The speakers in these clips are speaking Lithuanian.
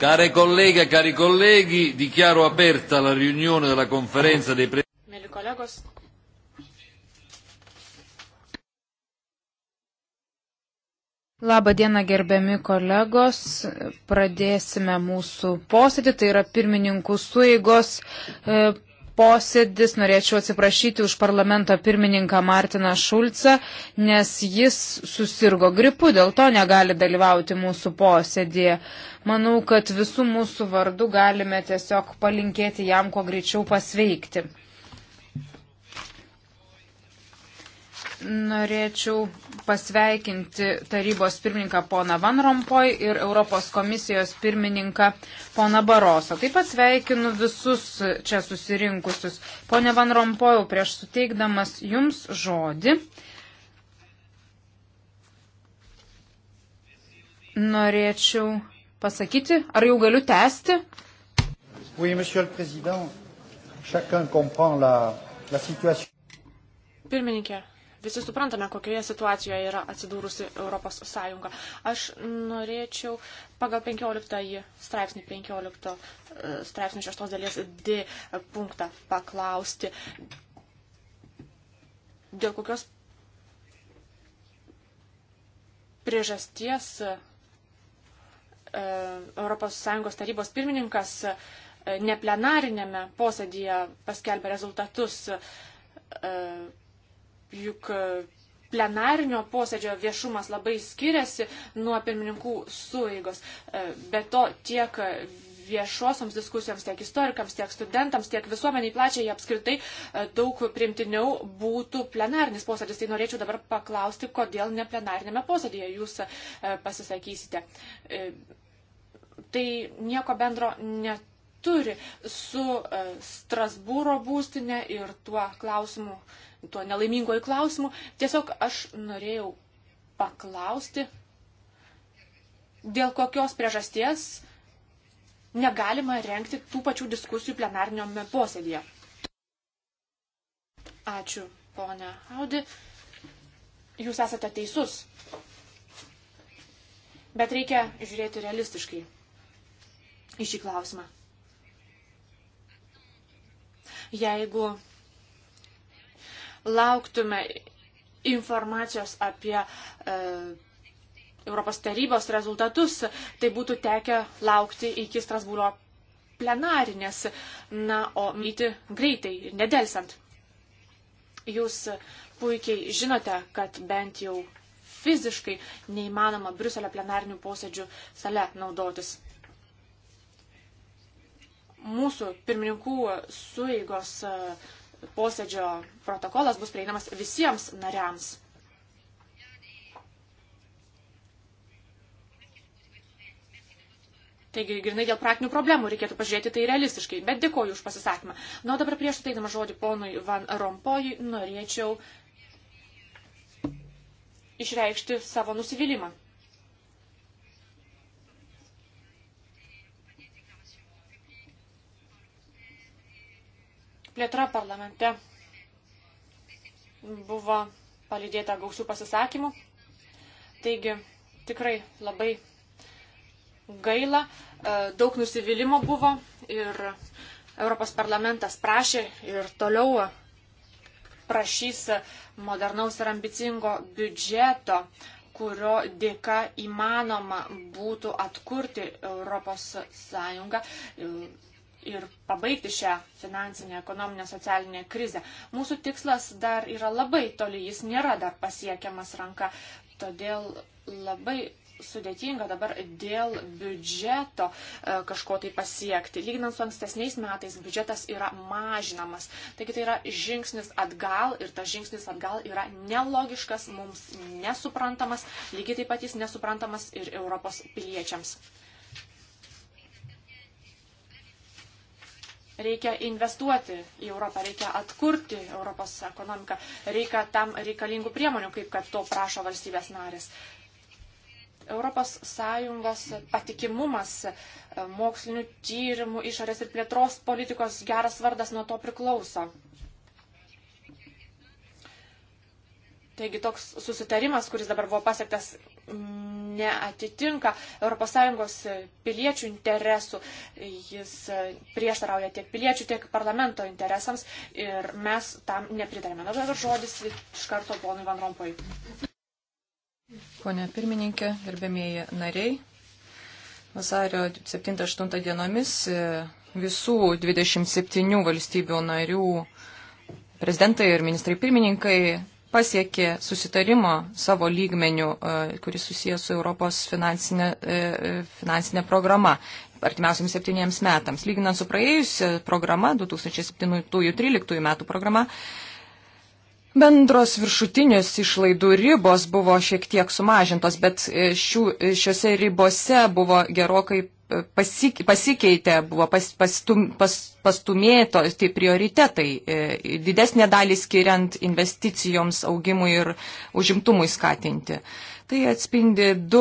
Care colleghe, cari colleghi, dichiaro aperta la riunione della conferenza dei presidenti. Labą dieną, gerbiami kolegos. Pradėsime mūsų posėdį. Tai yra pirmininkų suėgos e, posėdis. Norėčiau atsiprašyti už parlamento pirmininką Martiną Šulcą, nes jis susirgo gripu, dėl to negali dalyvauti mūsų posėdėje. Manau, kad visų mūsų vardų galime tiesiog palinkėti jam kuo greičiau pasveikti. norėčiau pasveikinti tarybos pirmininką poną Van Rompoj ir Europos komisijos pirmininką poną Barosą. Taip pat sveikinu visus čia susirinkusius. Pone Van Rompojau, prieš suteikdamas jums žodį, norėčiau pasakyti, ar jau galiu tęsti? Oui, monsieur le président, chacun comprend la, la situation. Pirmininkė, Visi suprantame, kokioje situacijoje yra atsidūrusi Europos Sąjunga. Aš norėčiau pagal 15 straipsnį, 15 straipsnį 6 dalies D punktą paklausti, dėl kokios priežasties ES tarybos pirmininkas e, neplenarinėme posėdėje paskelbė rezultatus e, juk e, plenarinio posėdžio viešumas labai skiriasi nuo pirmininkų sueigos. E, be to tiek viešosioms diskusijoms, tiek istorikams, tiek studentams, tiek visuomeniai plačiai apskritai e, daug primtiniau būtų plenarinis posėdis. Tai norėčiau dabar paklausti, kodėl ne plenarinėme posėdėje jūs pasisakysite. Tai nieko bendro neturi su Strasbūro būstinė ir tuo klausimu tuo nelaimingoju klausimu. Tiesiog aš norėjau paklausti, dėl kokios priežasties negalima renkti tų pačių diskusijų plenarniome posėdėje. Ačiū, ponia Audi. Jūs esate teisus. Bet reikia žiūrėti realistiškai į šį klausimą. Jeigu lauktume informacijos apie e, Europos tarybos rezultatus, tai būtų tekę laukti iki Strasbūro plenarinės, na, o myti greitai ir nedelsant. Jūs puikiai žinote, kad bent jau fiziškai neįmanoma Briuselio plenarinių posėdžių sale naudotis. Mūsų pirmininkų sueigos uh, posėdžio protokolas bus prieinamas visiems nariams. Taigi, grinai dėl praktinių problemų reikėtų pažiūrėti tai realistiškai, bet dėkoju už pasisakymą. Na, nu, dabar prieš suteikdama žodį ponui Van Rompojui norėčiau išreikšti savo nusivylimą. plėtra parlamente buvo palydėta gausių pasisakymų. Taigi tikrai labai gaila, e, daug nusivylimų buvo ir Europos parlamentas prašė ir toliau prašys modernaus ir ambicingo biudžeto, kurio dėka įmanoma būtų atkurti Europos Sąjungą e, ir pabaigti šią finansinę, ekonominę, socialinę krizę. Mūsų tikslas dar yra labai toli, jis nėra dar pasiekiamas ranka. Todėl labai sudėtinga dabar dėl biudžeto e, kažko tai pasiekti. Lyginant su ankstesniais metais, biudžetas yra mažinamas. Taigi tai yra žingsnis atgal ir tas žingsnis atgal yra nelogiškas, mums nesuprantamas, lygiai taip pat jis nesuprantamas ir Europos piliečiams. Reikia investuoti į Europą, reikia atkurti Europos ekonomiką, reikia tam reikalingų priemonių, kaip kad to prašo valstybės narės. Europos Sąjungos patikimumas e, mokslinių tyrimų, išorės ir plėtros politikos geras vardas nuo to priklauso. Taigi toks susitarimas, kuris dabar buvo pasiektas, neatitinka ES piliečių interesų. Jis prieštarauja tiek piliečių, tiek parlamento interesams ir mes tam nepritarėme. Na dabar žodis iš karto ponui Van Rompui. Pone pirmininkė, gerbėmieji nariai, vasario 7-8 dienomis e, visų 27 valstybių narių prezidentai ir ministrai pirmininkai pasiekė susitarimo savo lygmenių, e, kuris susijęs su Europos finansinė, e, e, finansinė programa artimiausiams septyniems metams. Lyginant su praėjusia programa, 2007-2013 metų programa, Bendros viršutinės išlaidų ribos buvo šiek tiek sumažintos, bet šių, šiuose ribose buvo gerokai pasikeitė, buvo pas, pastum, pas, pastumėto tai prioritetai, e, didesnė dalį skiriant investicijoms, augimui ir užimtumui skatinti. Uh, Tai atspindi du,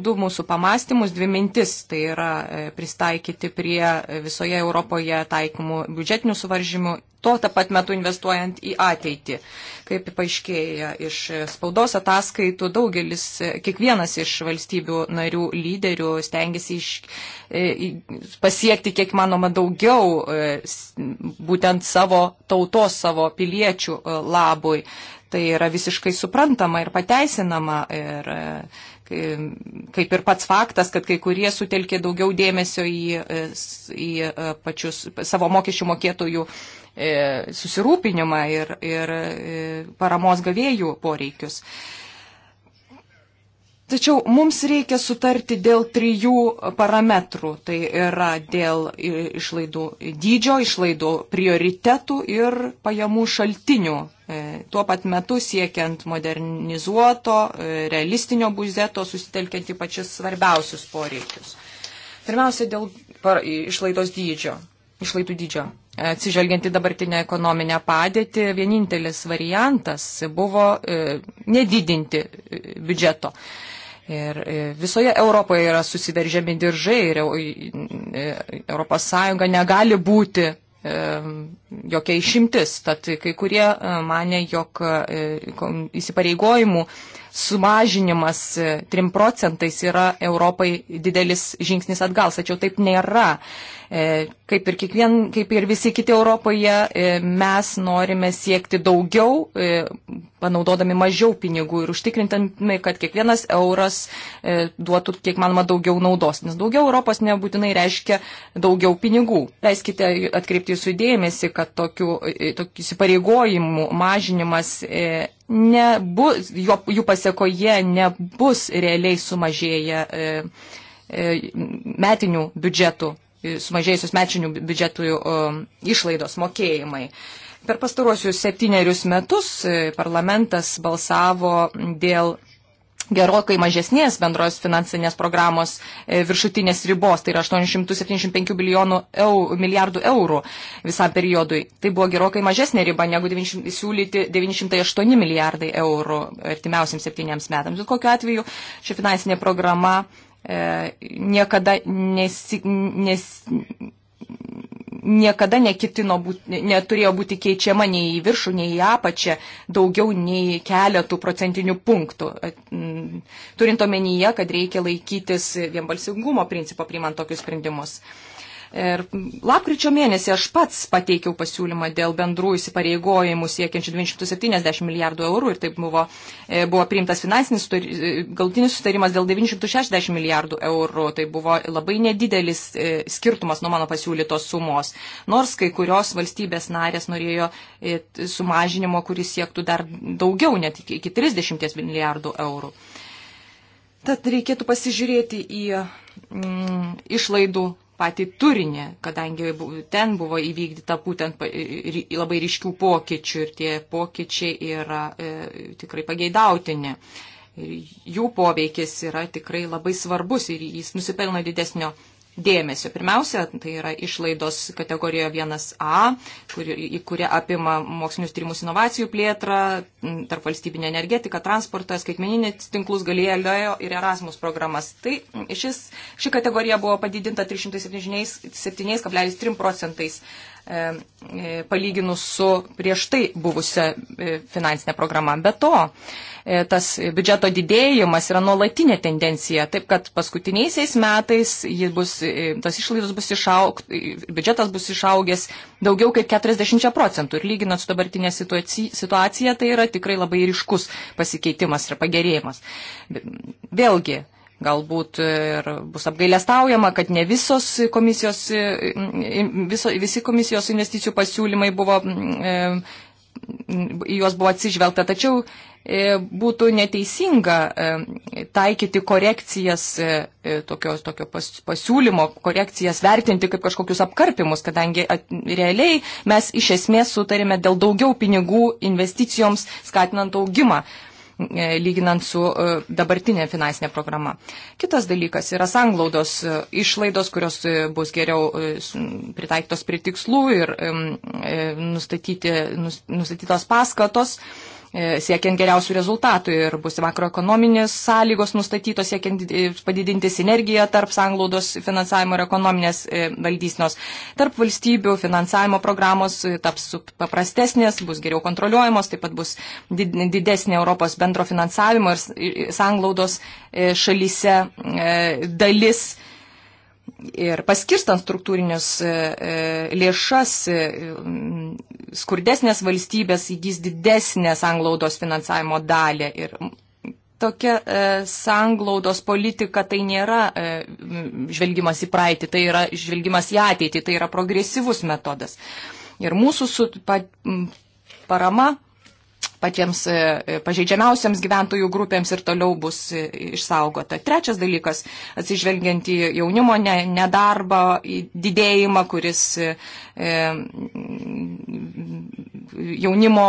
du mūsų pamastymus, dvi mintis. Tai yra e, pristaikyti prie e, visoje Europoje taikomų biudžetinių suvaržymų, tuo tą pat metu investuojant į ateitį. Kaip paaiškėja iš spaudos ataskaitų, daugelis, e, kiekvienas iš valstybių narių lyderių stengiasi iš, pasiekti kiek manoma daugiau būtent savo tautos, savo piliečių labui. Tai yra visiškai suprantama ir pateisinama. Ir, e, kaip ir pats faktas, kad kai kurie sutelkė daugiau dėmesio į, e, į e, pačius savo mokesčių mokėtojų susirūpinimą ir, ir paramos gavėjų poreikius. Tačiau mums reikia sutarti dėl trijų parametrų. Tai yra dėl išlaidų dydžio, išlaidų prioritetų ir pajamų šaltinių. E, tuo pat metu siekiant modernizuoto, e, realistinio buzeto, susitelkiant į pačius svarbiausius poreikius. Pirmiausia, dėl išlaidos dydžio. Išlaidų dydžio. Atsižvelgiant į dabartinę ekonominę padėtį, vienintelis variantas buvo e, nedidinti biudžeto. Ir e, visoje Europoje yra susiveržiami diržai ir ES e, negali būti e, jokia išimtis. Tad kai kurie mane, jog įsipareigojimų sumažinimas 3 e, procentais yra Europai didelis žingsnis atgal, tačiau taip nėra. E, kaip ir, kiekvien, kaip ir visi kiti Europoje, e, mes norime siekti daugiau, panaudodami mažiau pinigų ir užtikrintami, kad kiekvienas euras duotų kiek manoma daugiau naudos, nes daugiau Europos nebūtinai reiškia daugiau pinigų. Leiskite atkreipti jūsų dėmesį, kad tokių, tokių įsipareigojimų mažinimas nebus, jo, jų pasiekoje nebus realiai sumažėję e, e, metinių biudžetų, e, sumažėjusios metinių biudžetų e, išlaidos mokėjimai. Per pastaruosius septynerius metus e, parlamentas balsavo dėl gerokai mažesnės bendros finansinės programos e, viršutinės ribos, tai yra 875 eur, milijardų eurų visam periodui. Tai buvo gerokai mažesnė riba negu 90, siūlyti 908 milijardai eurų artimiausiams septyniams metams. Bet kokiu atveju ši finansinė programa e, niekada nesi, nes, niekada nekitino būti, neturėjo būti keičiama nei į viršų, nei į apačią daugiau nei keletų procentinių punktų. Mm, turint omenyje, kad reikia laikytis vienbalsingumo principo priimant tokius sprendimus. Uh, Ir lapkričio mėnesį aš pats pateikiau pasiūlymą dėl bendrų įsipareigojimų siekiančių 270 milijardų eurų ir taip buvo, e, buvo priimtas finansinis e, galtinis sutarimas dėl 960 milijardų eurų. Tai buvo labai nedidelis e, skirtumas nuo mano pasiūlytos sumos. Nors kai kurios valstybės narės norėjo sumažinimo, kuris siektų dar daugiau, net iki 30 milijardų eurų. Tad reikėtų pasižiūrėti į mm, išlaidų patį turinį, kadangi ten buvo įvykdyta būtent labai ryškių pokyčių ir tie pokyčiai yra e, tikrai pageidautini. Ir jų poveikis yra tikrai labai svarbus ir jis nusipelno didesnio dėmesio. Pirmiausia, tai yra išlaidos kategorijoje 1A, kuri, į kurią apima mokslinius tyrimus inovacijų plėtrą, tarp valstybinė energetika, transportas, skaitmeninės tinklus, galėjo ir Erasmus programas. Tai šis, ši kategorija buvo padidinta 307,3 procentais E, e, palyginus su prieš tai buvusią e, finansinę programą. Be to, tas biudžeto didėjimas yra nuolatinė tendencija, taip kad paskutiniaisiais metais bus, tas išlaidos bus išaug, biudžetas bus išaugęs daugiau kaip 40 procentų ir lyginant su dabartinė situacija, tai yra tikrai labai ryškus pasikeitimas ir pagerėjimas. Vėlgi, Galbūt e, ir bus apgailestaujama, kad ne visos komisijos, e, viso, visi komisijos investicijų pasiūlymai buvo, e, į juos buvo atsižvelgta, tačiau būtų neteisinga taikyti korekcijas tokio, tokio pasiūlymo, korekcijas vertinti kaip kažkokius apkarpimus, kadangi realiai mes iš esmės sutarėme dėl daugiau pinigų investicijoms skatinant augimą. E, lyginant su e, dabartinė finansinė programa. Kitas dalykas yra sanglaudos e, išlaidos, kurios bus geriau pritaiktos prie tikslų ir nustatyti, nustatytos paskatos E, siekiant geriausių rezultatų ir bus makroekonominės sąlygos nustatytos, siekiant e, padidinti sinergiją tarp sanglaudos finansavimo ir ekonominės e, valdysinos. Tarp valstybių finansavimo programos taps paprastesnės, bus geriau kontroliuojamos, taip pat bus didesnė Europos bendro finansavimo ir sanglaudos šalyse dalis ir paskirstant struktūrinės e, e, lėšas, e, skurdesnės valstybės įgys didesnę sanglaudos finansavimo dalį. Ir tokia sanglaudos politika tai nėra žvelgimas į praeitį, tai yra žvelgimas į ateitį, tai yra progresyvus metodas. Ir mūsų su, pa, parama patiems e, e, pažeidžiamiausiams gyventojų grupėms ir toliau bus e, išsaugota. Trečias dalykas, atsižvelgiant į jaunimo nedarbą, į didėjimą, kuris jaunimo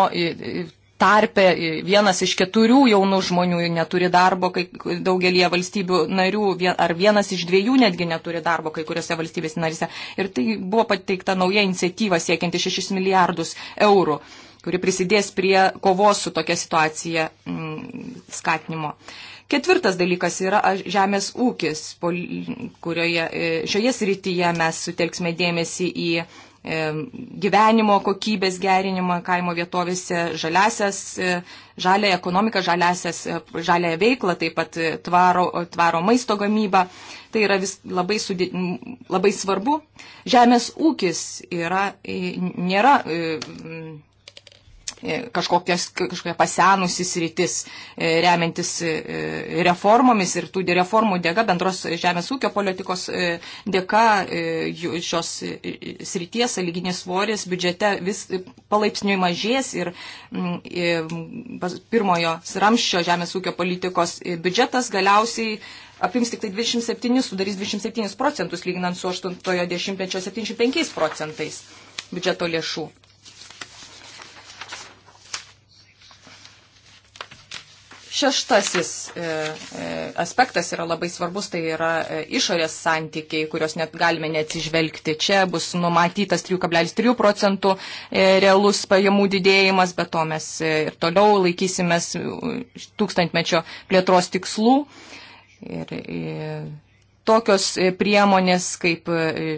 tarpe vienas iš keturių jaunų žmonių neturi darbo, kai daugelie valstybių narių, ar vienas iš dviejų netgi neturi darbo kai kuriuose valstybės narise. Ir tai buvo pateikta nauja iniciatyva siekianti 6 milijardus eurų kuri prisidės prie kovos su tokia situacija mm, skatinimo. Ketvirtas dalykas yra žemės ūkis, kurioje e, šioje srityje mes sutelksime dėmesį į e, gyvenimo kokybės gerinimą kaimo vietovėse, žaliasias, e, žalę ekonomiką, žaliasias, žalę veiklą, taip pat tvaro, tvaro maisto gamybą. Tai yra vis labai, sudė, labai svarbu. Žemės ūkis yra, nėra. nėra E, kažkokias, kažkokia pasenusi sritis, e, remiantis e, reformomis ir tų reformų dėka, bendros žemės ūkio politikos dėka šios srities saliginis svoris biudžete vis palaipsniui mažės ir pirmojo ramščio žemės ūkio politikos biudžetas galiausiai apims tik tai 27, sudarys 27 procentus, lyginant su 80-mečio 75 procentais biudžeto lėšų. Šeštasis e, e, aspektas yra labai svarbus, tai yra e, išorės santykiai, kurios net galime neatsižvelgti. Čia bus numatytas 3,3 procentų realus pajamų didėjimas, bet to mes ir toliau laikysimės tūkstantmečio plėtros tikslų. Ir, ir tokios e, priemonės kaip e,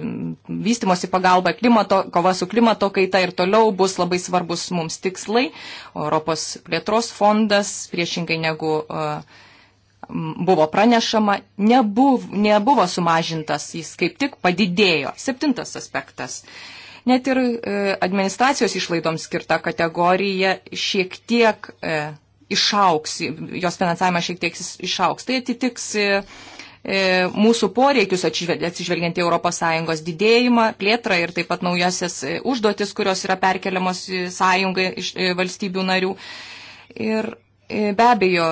vystimosi pagalba, klimato, kova su klimato kaita ir toliau bus labai svarbus mums tikslai. Europos plėtros fondas, priešingai negu e, buvo pranešama, nebuv, nebuvo sumažintas, jis kaip tik padidėjo. Septintas aspektas. Net ir administracijos išlaidoms skirta kategorija šiek tiek išauks, jos finansavimas šiek tiek išauks. Tai atitiks E, mūsų poreikius atsižvelgiant į ES didėjimą, plėtrą ir taip pat naujasias e, užduotis, kurios yra perkeliamos sąjungai iš e, valstybių narių. Ir be abejo,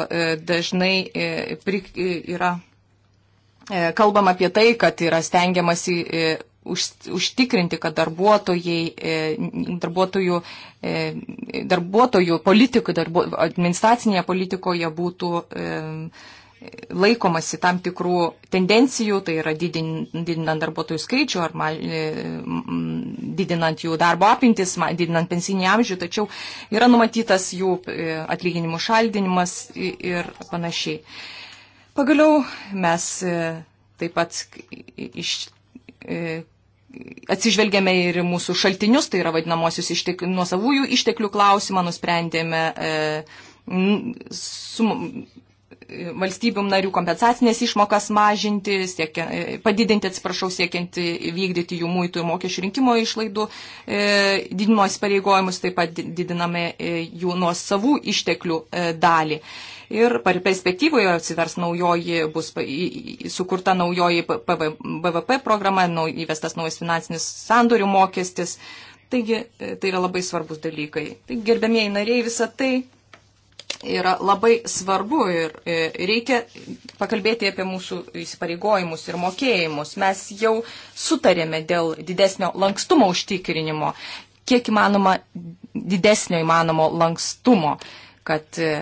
dažnai yra kalbama apie tai, kad yra stengiamasi užtikrinti, kad darbuotojų, darbuotojų politikų, darbu, administracinėje politikoje būtų laikomasi tam tikrų tendencijų, tai yra didin, didinant darbuotojų skaičių ar mal, e, didinant jų darbo apimtis, didinant pensinį amžių, tačiau yra numatytas jų e, atlyginimų šaldinimas ir panašiai. Pagaliau mes e, taip pat iš atsižvelgėme ir mūsų šaltinius, tai yra vadinamosius ištek, nuosavųjų išteklių klausimą, nusprendėme e, sum, valstybių narių kompensacinės išmokas mažinti, siekia, padidinti, atsiprašau, siekiant vykdyti jų muitų ir mokesčių rinkimo išlaidų e, didinimo įsipareigojimus, taip pat didiname e, jų nuo savų išteklių e, dalį. Ir per perspektyvoje atsivers naujoji, bus sukurta naujoji BVP programa, įvestas naujas finansinis sandorių mokestis. Taigi tai yra labai svarbus dalykai. Taigi, gerbėmieji nariai, visa tai yra labai svarbu ir e, reikia pakalbėti apie mūsų įsipareigojimus ir mokėjimus. Mes jau sutarėme dėl didesnio lankstumo užtikrinimo, kiek įmanoma didesnio įmanomo lankstumo, kad e,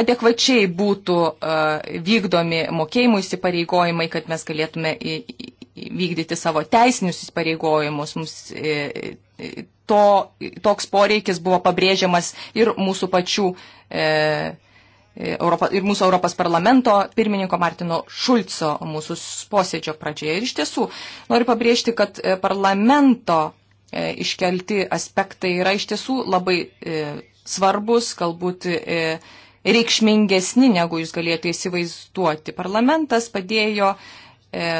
adekvačiai būtų e, vykdomi mokėjimų įsipareigojimai, kad mes galėtume vykdyti savo teisinius įsipareigojimus. Mums to, toks poreikis buvo pabrėžiamas ir mūsų pačių e, e, Europa, ir mūsų Europos parlamento pirmininko Martino Šulco mūsų posėdžio pradžioje. Ir iš tiesų noriu pabrėžti, kad e, parlamento e, iškelti aspektai yra iš tiesų labai e, svarbus, galbūt e, reikšmingesni, negu jūs galėjote įsivaizduoti. Parlamentas padėjo, e,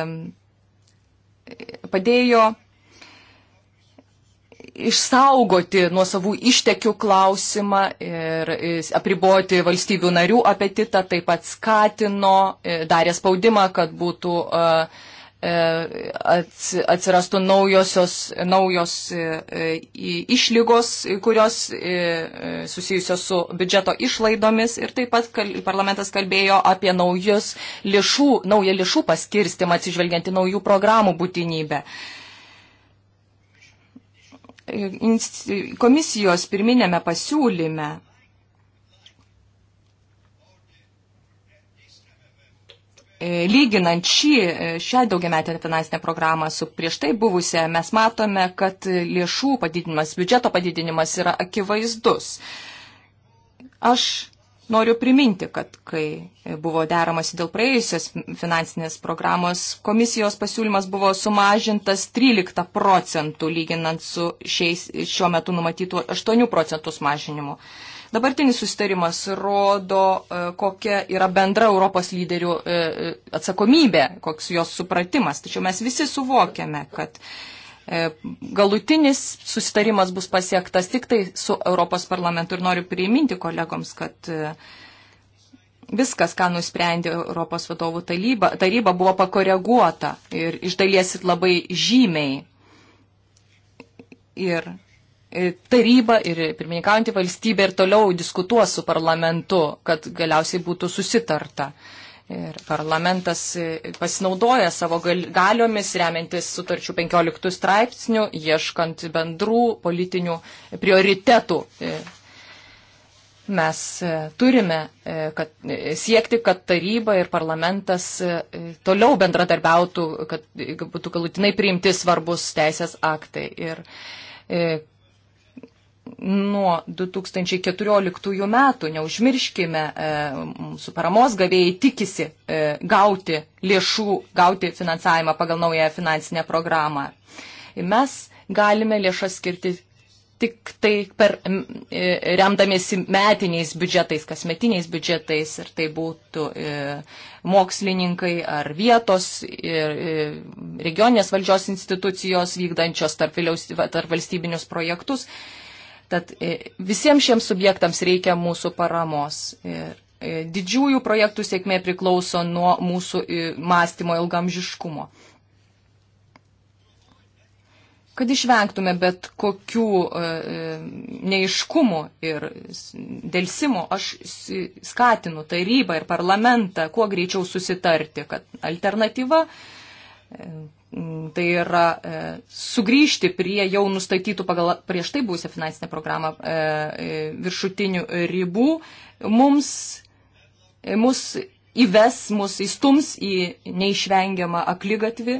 padėjo išsaugoti nuo savų ištekių klausimą ir apriboti valstybių narių apetitą, taip pat skatino, e, darė spaudimą, kad būtų e, e, atsirastų naujosios, naujos išlygos, kurios susijusios su biudžeto išlaidomis ir taip pat kal, parlamentas kalbėjo apie naujus lėšų, naują lėšų paskirstimą atsižvelgiant į naujų programų būtinybę komisijos pirminėme pasiūlyme. E, lyginant šį, e, šią daugiametę finansinę programą su prieš tai buvusią, mes matome, kad lėšų padidinimas, biudžeto padidinimas yra akivaizdus. Aš Noriu priminti, kad kai buvo deramasi dėl praėjusios finansinės programos, komisijos pasiūlymas buvo sumažintas 13 procentų, lyginant su šiais, šiuo metu numatytų 8 procentų sumažinimu. Dabartinis sustarimas rodo, e, kokia yra bendra Europos lyderių e, e, atsakomybė, koks jos supratimas. Tačiau mes visi suvokiame, kad E, galutinis susitarimas bus pasiektas tik tai su Europos parlamentu ir noriu priminti kolegoms, kad e, viskas, ką nusprendė Europos vadovų taryba, taryba buvo pakoreguota ir iš dalies labai žymiai. Ir e, taryba ir pirmininkaujantį valstybę ir toliau diskutuos su parlamentu, kad galiausiai būtų susitarta. Uh, Ir parlamentas e, pasinaudoja savo galiomis, remiantis sutarčių 15 straipsnių, ieškant bendrų politinių prioritetų. E, mes e, turime kad, siekti, kad taryba ir parlamentas toliau bendradarbiautų, kad būtų galutinai priimti svarbus teisės aktai. Ir nuo 2014 metų, neužmirškime, e, mūsų paramos gavėjai tikisi e, gauti lėšų, gauti finansavimą pagal naują finansinę programą. Mes galime lėšas skirti tik tai per, e, remdamiesi metiniais biudžetais, kasmetiniais biudžetais, ir tai būtų mokslininkai ar vietos regioninės valdžios institucijos vykdančios tarp, tarp valstybinius projektus. Tad e, visiems šiems subjektams reikia mūsų paramos. Ir e, e, didžiųjų projektų sėkmė priklauso nuo mūsų mąstymo ilgamžiškumo. Kad išvengtume bet kokių neiškumų ir dėlsimo, aš skatinu tarybą ir parlamentą kuo greičiau susitarti, kad alternatyva Mm, tai yra e, sugrįžti prie jau nustatytų pagal prieš tai būsią finansinę programą e, e, viršutinių ribų, mums, e, mus įves, mus įstums į neišvengiamą aklygatvį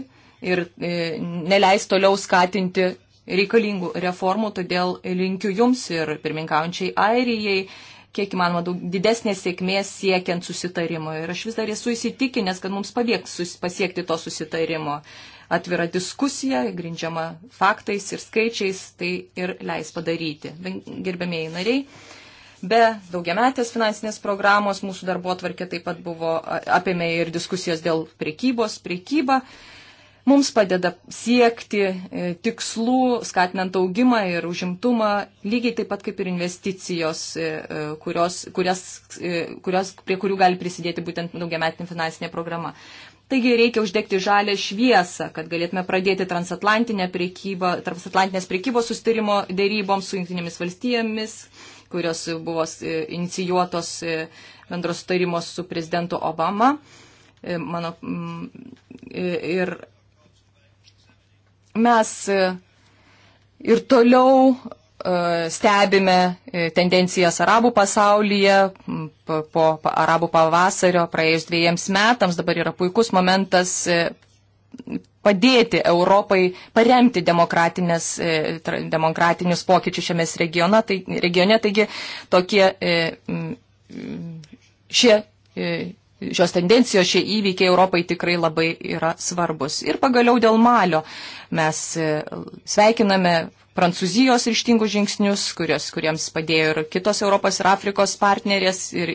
ir e, neleis toliau skatinti reikalingų reformų, todėl linkiu jums ir pirmininkaujančiai Airijai kiek įmanoma daug didesnės sėkmės siekiant susitarimo. Ir aš vis dar esu įsitikinęs, kad mums pavyks pasiekti to susitarimo atvira diskusija, grindžiama faktais ir skaičiais, tai ir leis padaryti. Gerbėmėjai nariai. Be daugiametės finansinės programos mūsų darbo atvarkė taip pat buvo apėmė ir diskusijos dėl priekybos, priekyba. Mums padeda siekti e, tikslų, skatinant augimą ir užimtumą, lygiai taip pat kaip ir investicijos, e, e, kurios, kurias, kurios, prie kurių gali prisidėti būtent daugiametinė finansinė programa. Taigi reikia uždegti žalę šviesą, kad galėtume pradėti transatlantinę priekybą, transatlantinės priekybos sustarimo dėryboms su jungtinėmis valstijomis, kurios buvo e, inicijuotos e, bendros sustarimos su prezidentu Obama. E, mano, mm, ir mes ir toliau E, stebime e, tendencijas arabų pasaulyje po arabų pavasario, praėjus dviejams metams, dabar yra puikus momentas e, padėti Europai paremti demokratinius pokyčius šiame regione. Tai, regione taigi tokie šie šios tendencijos, šie įvykiai Europai tikrai labai yra svarbus. Ir pagaliau dėl Malio mes e, sveikiname Prancūzijos ryštingus žingsnius, kurios, kuriems padėjo ir kitos Europos ir Afrikos partnerės, ir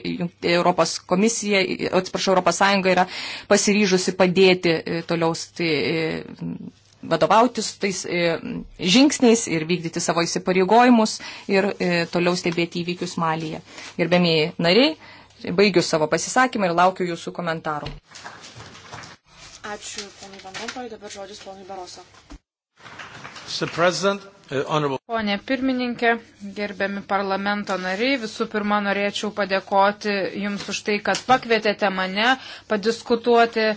Europos komisija, atsiprašau, Europos Sąjunga yra pasiryžusi padėti e, toliau tai, e, vadovautis tais žingsniais ir vykdyti savo įsipareigojimus ir toliau stebėti įvykius Malyje. Gerbėmiai nariai, baigiu savo pasisakymą ir laukiu jūsų komentarų. Ačiū, ponai Van Rompoj, dabar žodis ponai Baroso. Uh, Pone pirmininkė, gerbiami parlamento nariai, visų pirma norėčiau padėkoti Jums už tai, kad pakvietėte mane padiskutuoti e,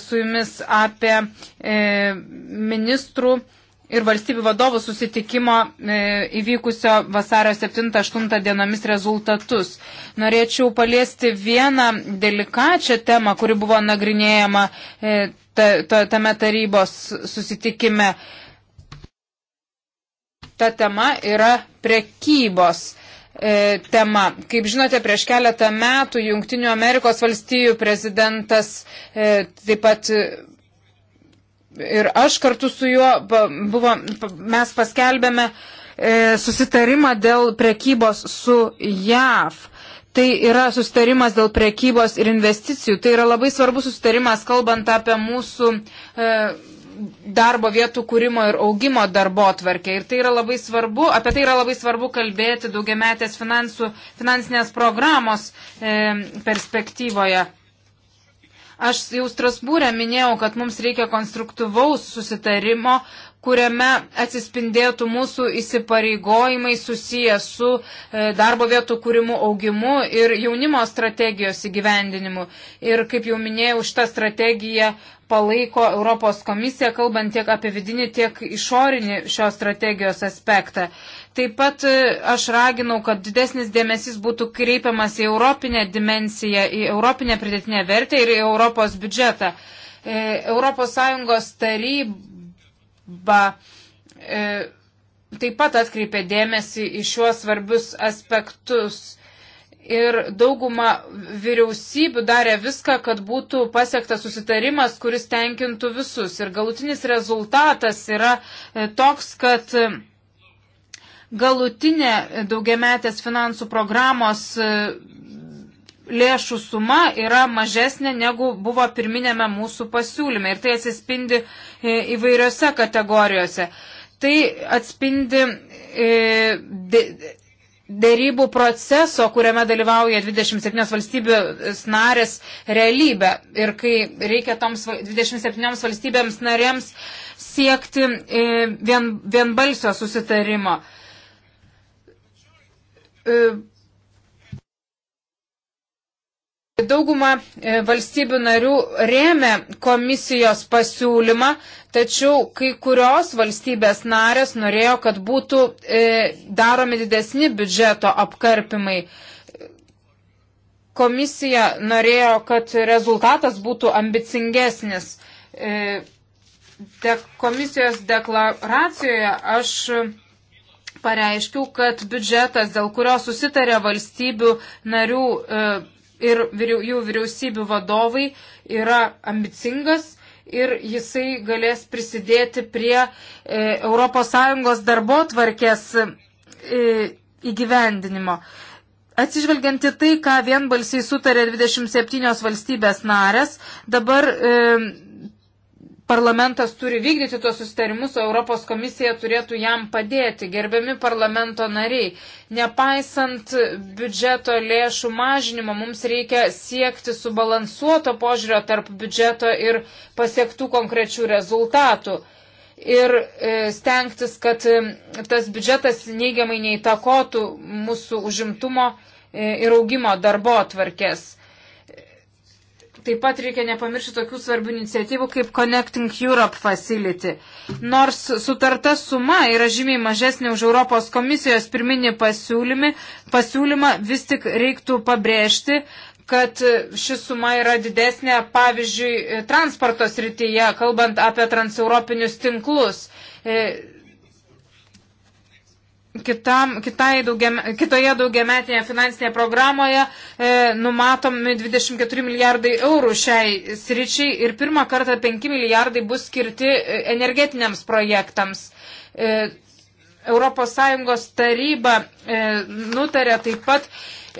su Jumis apie e, ministrų e, ir valstybių vadovų susitikimo e, įvykusio vasario 7-8 dienomis rezultatus. Norėčiau paliesti vieną delikačią temą, kuri buvo nagrinėjama e, tame tarybos susitikime. Ta tema yra prekybos e, tema. Kaip žinote, prieš keletą metų Junktinių Amerikos valstijų prezidentas taip pat ir aš kartu su juo buvo, mes paskelbėme e, susitarimą dėl prekybos su JAV. Tai yra susitarimas dėl prekybos ir investicijų. Tai yra labai svarbus susitarimas, kalbant apie mūsų e, darbo vietų kūrimo ir augimo darbo atvarkę. Ir tai yra labai svarbu, apie tai yra labai svarbu kalbėti daugiametės finansų, finansinės programos e, perspektyvoje. Aš jau Strasbūrė minėjau, kad mums reikia konstruktyvaus susitarimo, kuriame atsispindėtų mūsų įsipareigojimai susiję su e, darbo vietų kūrimu augimu ir jaunimo strategijos įgyvendinimu. Ir kaip jau minėjau, šitą strategiją palaiko Europos komisija, kalbant tiek apie vidinį, tiek išorinį šios strategijos aspektą. Taip pat e, aš raginau, kad didesnis dėmesys būtų kreipiamas į europinę dimensiją, į europinę pridėtinę vertę ir į Europos biudžetą. E, Europos Sąjungos taryba e, taip pat atkreipė dėmesį į šiuos svarbius aspektus. Ir dauguma vyriausybių darė viską, kad būtų pasiektas susitarimas, kuris tenkintų visus. Ir galutinis rezultatas yra toks, kad galutinė daugiametės finansų programos e, lėšų suma yra mažesnė negu buvo pirminėme mūsų pasiūlyme ir tai atsispindi e, įvairiose kategorijose. Tai atspindi e, dėrybų proceso, kuriame dalyvauja 27 valstybės narės realybę. Ir kai reikia toms 27 valstybėms narėms siekti vien, vienbalsio susitarimo. E, dauguma e, valstybių narių rėmė komisijos pasiūlymą, tačiau kai kurios valstybės narės norėjo, kad būtų e, daromi didesni biudžeto apkarpimai. Komisija norėjo, kad rezultatas būtų ambicingesnis. De komisijos deklaracijoje aš pareiškiau, kad biudžetas, dėl kurio susitarė valstybių narių e, ir jų vyriausybių vadovai, yra ambicingas ir jisai galės prisidėti prie ES darbo tvarkės e, įgyvendinimo. Atsižvelgiant į tai, ką vienbalsiai sutarė 27 valstybės narės, dabar e, parlamentas turi vykdyti tos sustarimus, o Europos komisija turėtų jam padėti. Gerbiami parlamento nariai, nepaisant biudžeto lėšų mažinimo, mums reikia siekti subalansuoto požiūrio tarp biudžeto ir pasiektų konkrečių rezultatų. Ir e, stengtis, kad e, tas biudžetas neigiamai neįtakotų mūsų užimtumo e, ir augimo darbo atvarkės. Taip pat reikia nepamiršti tokių svarbių iniciatyvų kaip Connecting Europe Facility. Nors sutarta suma yra žymiai mažesnė už Europos komisijos pirminį pasiūlymą, vis tik reiktų pabrėžti, kad ši suma yra didesnė, pavyzdžiui, transporto srityje, kalbant apie transeuropinius tinklus. E, kitam, kitai daugiam, kitoje daugiametinėje finansinėje programoje e, numatomi 24 milijardai eurų šiai sričiai ir pirmą kartą 5 milijardai bus skirti e, energetiniams projektams. E, ES taryba e, nutarė taip pat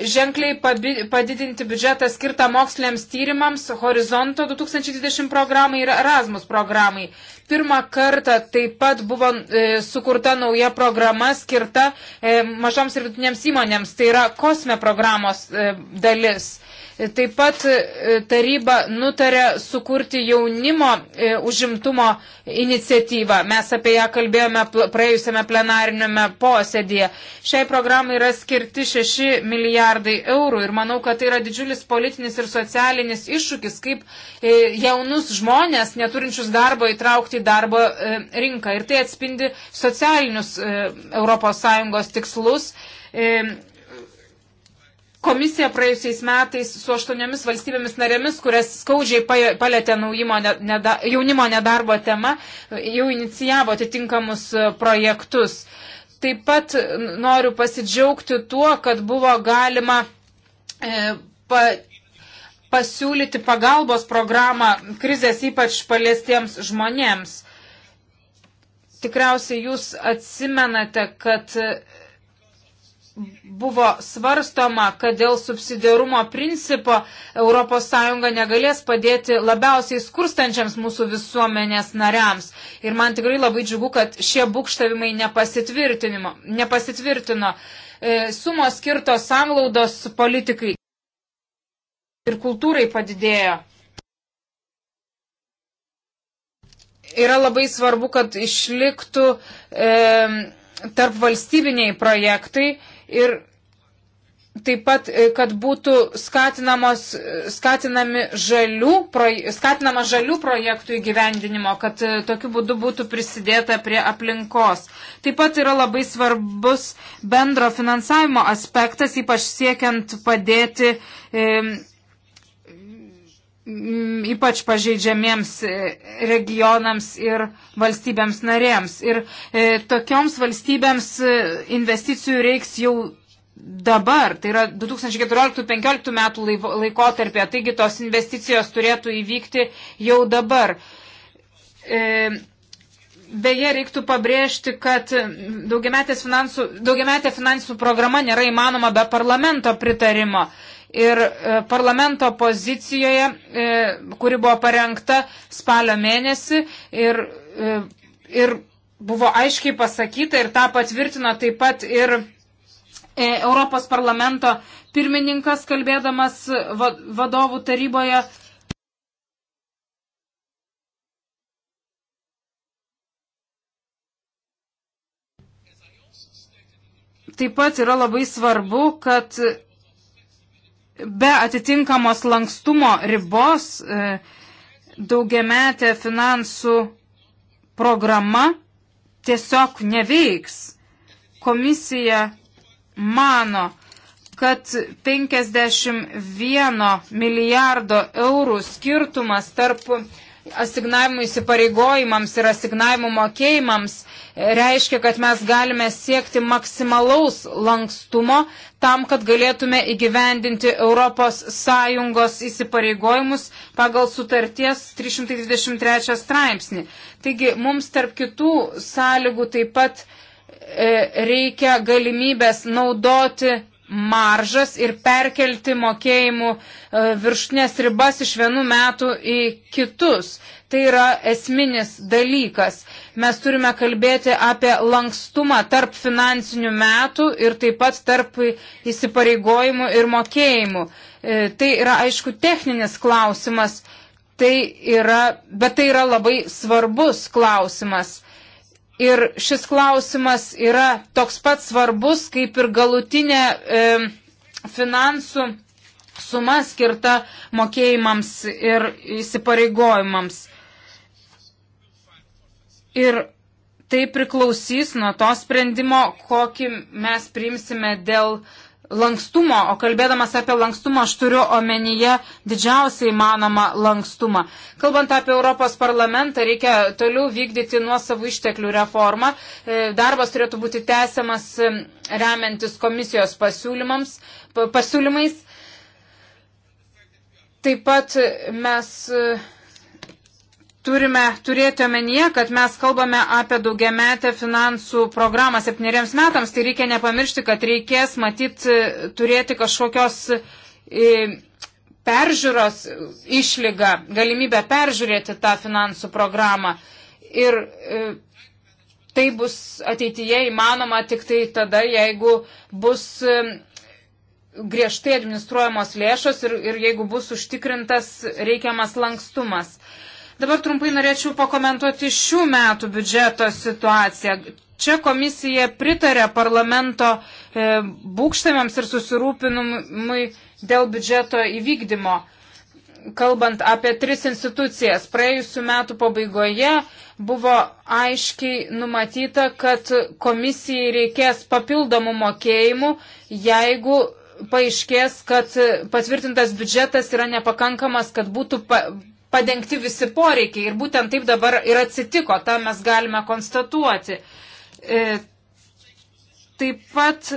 ženkliai padidinti biudžetą skirtą moksliniams tyrimams, Horizonto 2020 programai ir Erasmus programai. Pirmą kartą taip pat buvo e, sukurta nauja programa skirta e, mažoms ir vidutinėms įmonėms, tai yra kosme programos e, dalis. Taip pat e, taryba nutarė sukurti jaunimo e, užimtumo iniciatyvą. Mes apie ją kalbėjome praėjusiame plenarinėme posėdėje. Šiai programai yra skirti 6 milijardai eurų ir manau, kad tai yra didžiulis politinis ir socialinis iššūkis, kaip e, jaunus žmonės neturinčius darbo įtraukti į darbo rinką. Ir tai atspindi socialinius ES tikslus Komisija praėjusiais metais su aštuoniomis valstybėmis narėmis, kurias skaudžiai palėtė neda, jaunimo nedarbo tema, jau inicijavo atitinkamus e, projektus. Taip pat noriu pasidžiaugti tuo, kad buvo galima e, pa, pasiūlyti pagalbos programą krizės ypač paliestiems žmonėms. Tikriausiai jūs atsimenate, kad e, buvo svarstoma, kad dėl subsidiarumo principo ES negalės padėti labiausiai skurstančiams mūsų visuomenės nariams. Ir man tikrai labai džiugu, kad šie būkštavimai nepasitvirtino. E, sumos skirtos samlaudos politikai ir kultūrai padidėjo. Yra labai svarbu, kad išliktų e, tarp valstybiniai projektai ir taip pat, e, kad būtų skatinami žalių, skatinama žalių projektų įgyvendinimo, kad e, tokiu būdu būtų prisidėta prie aplinkos. Taip pat yra labai svarbus bendro finansavimo aspektas, ypač siekiant padėti e, ypač pažeidžiamiems e, regionams ir valstybėms narėms. Ir e, tokioms valstybėms e, investicijų reiks jau dabar, tai yra 2014-2015 metų laikotarpė, taigi tos investicijos turėtų įvykti jau dabar. Beje, reiktų pabrėžti, kad daugiametė finansų, daugiametė finansų programa nėra įmanoma be parlamento pritarimo ir e, parlamento pozicijoje, e, kuri buvo parengta spalio mėnesį ir, e, ir buvo aiškiai pasakyta ir tą patvirtino taip pat ir Europos parlamento pirmininkas kalbėdamas vadovų taryboje. Taip pat yra labai svarbu, kad be atitinkamos lankstumo ribos e, daugiametė finansų programa tiesiog neveiks. Komisija mano, kad 51 milijardo eurų skirtumas tarp asignavimų įsipareigojimams ir asignavimų mokėjimams e, reiškia, kad mes galime siekti maksimalaus lankstumo tam, kad galėtume įgyvendinti ES įsipareigojimus pagal sutarties 323 straipsnį. Taigi mums tarp kitų sąlygų taip pat e, reikia galimybės naudoti maržas ir perkelti mokėjimų e, viršutinės ribas iš vienų metų į kitus. Tai yra esminis dalykas. Mes turime kalbėti apie lankstumą tarp finansinių metų ir taip pat tarp įsipareigojimų ir mokėjimų. E, tai yra, aišku, techninis klausimas, tai yra, bet tai yra labai svarbus klausimas. Ir šis klausimas yra toks pat svarbus, kaip ir galutinė e, finansų suma skirta mokėjimams ir įsipareigojimams. Ir tai priklausys nuo to sprendimo, kokį mes priimsime dėl e, lankstumo, o kalbėdamas apie lankstumą aš turiu omenyje didžiausiai manomą lankstumą. Kalbant apie Europos parlamentą, reikia toliau vykdyti nuo savų išteklių reformą. E, darbas turėtų būti tęsiamas e, remiantis komisijos pasiūlymais. Taip pat mes. Uh, turime turėti omenyje, kad mes kalbame apie daugiametę finansų programą septyneriems metams, tai reikia nepamiršti, kad reikės matyti e, turėti kažkokios e, peržiūros išlygą, galimybę peržiūrėti tą finansų programą. Ir e, tai bus ateityje įmanoma tik tai tada, jeigu bus griežtai administruojamos lėšos ir, ir jeigu bus užtikrintas reikiamas lankstumas. Uh, Dabar trumpai norėčiau pakomentuoti šių metų biudžeto situaciją. Čia komisija pritarė parlamento e, būkštamiams ir susirūpinimui dėl biudžeto įvykdymo kalbant apie tris institucijas, praėjusiu metu pabaigoje buvo aiškiai numatyta, kad komisijai reikės papildomų mokėjimų, jeigu paaiškės, kad patvirtintas biudžetas yra nepakankamas, kad būtų padengti visi poreikiai. Ir būtent taip dabar ir atsitiko, tą mes galime konstatuoti. E, taip pat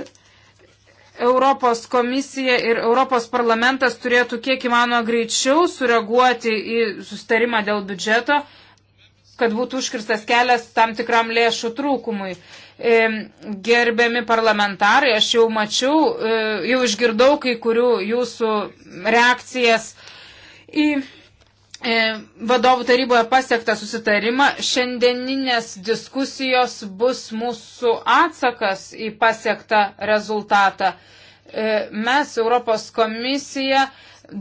Europos komisija ir Europos parlamentas turėtų kiek įmanoma greičiau sureaguoti į sustarimą dėl biudžeto, kad būtų užkirstas kelias tam tikram lėšų trūkumui. E, gerbiami parlamentarai, aš jau mačiau, e, jau išgirdau kai kurių jūsų reakcijas į E, vadovų taryboje pasiektą susitarimą. Šiandieninės diskusijos bus mūsų atsakas į pasiektą rezultatą. E, mes, Europos komisija,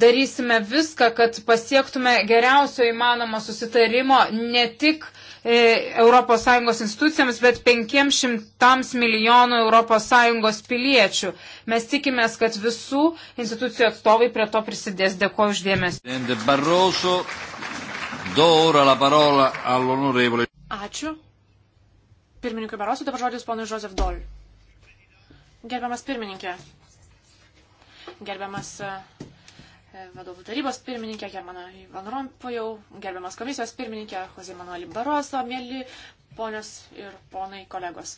darysime viską, kad pasiektume geriausio įmanomo susitarimo ne tik uh, ES institucijams, bet 500 milijonų ES piliečių. Mes tikimės, kad visų institucijų atstovai prie to prisidės. Dėkuoju uždėmesį. Ačiū. Pirmininkui Barosui dabar žodis ponui Josef Dol. Gerbiamas pirmininkė, gerbiamas vadovų tarybos pirmininkė Germana Van Rompujau, gerbiamas komisijos pirmininkė Jose Manuel Baroso, mėly ponios ir ponai kolegos.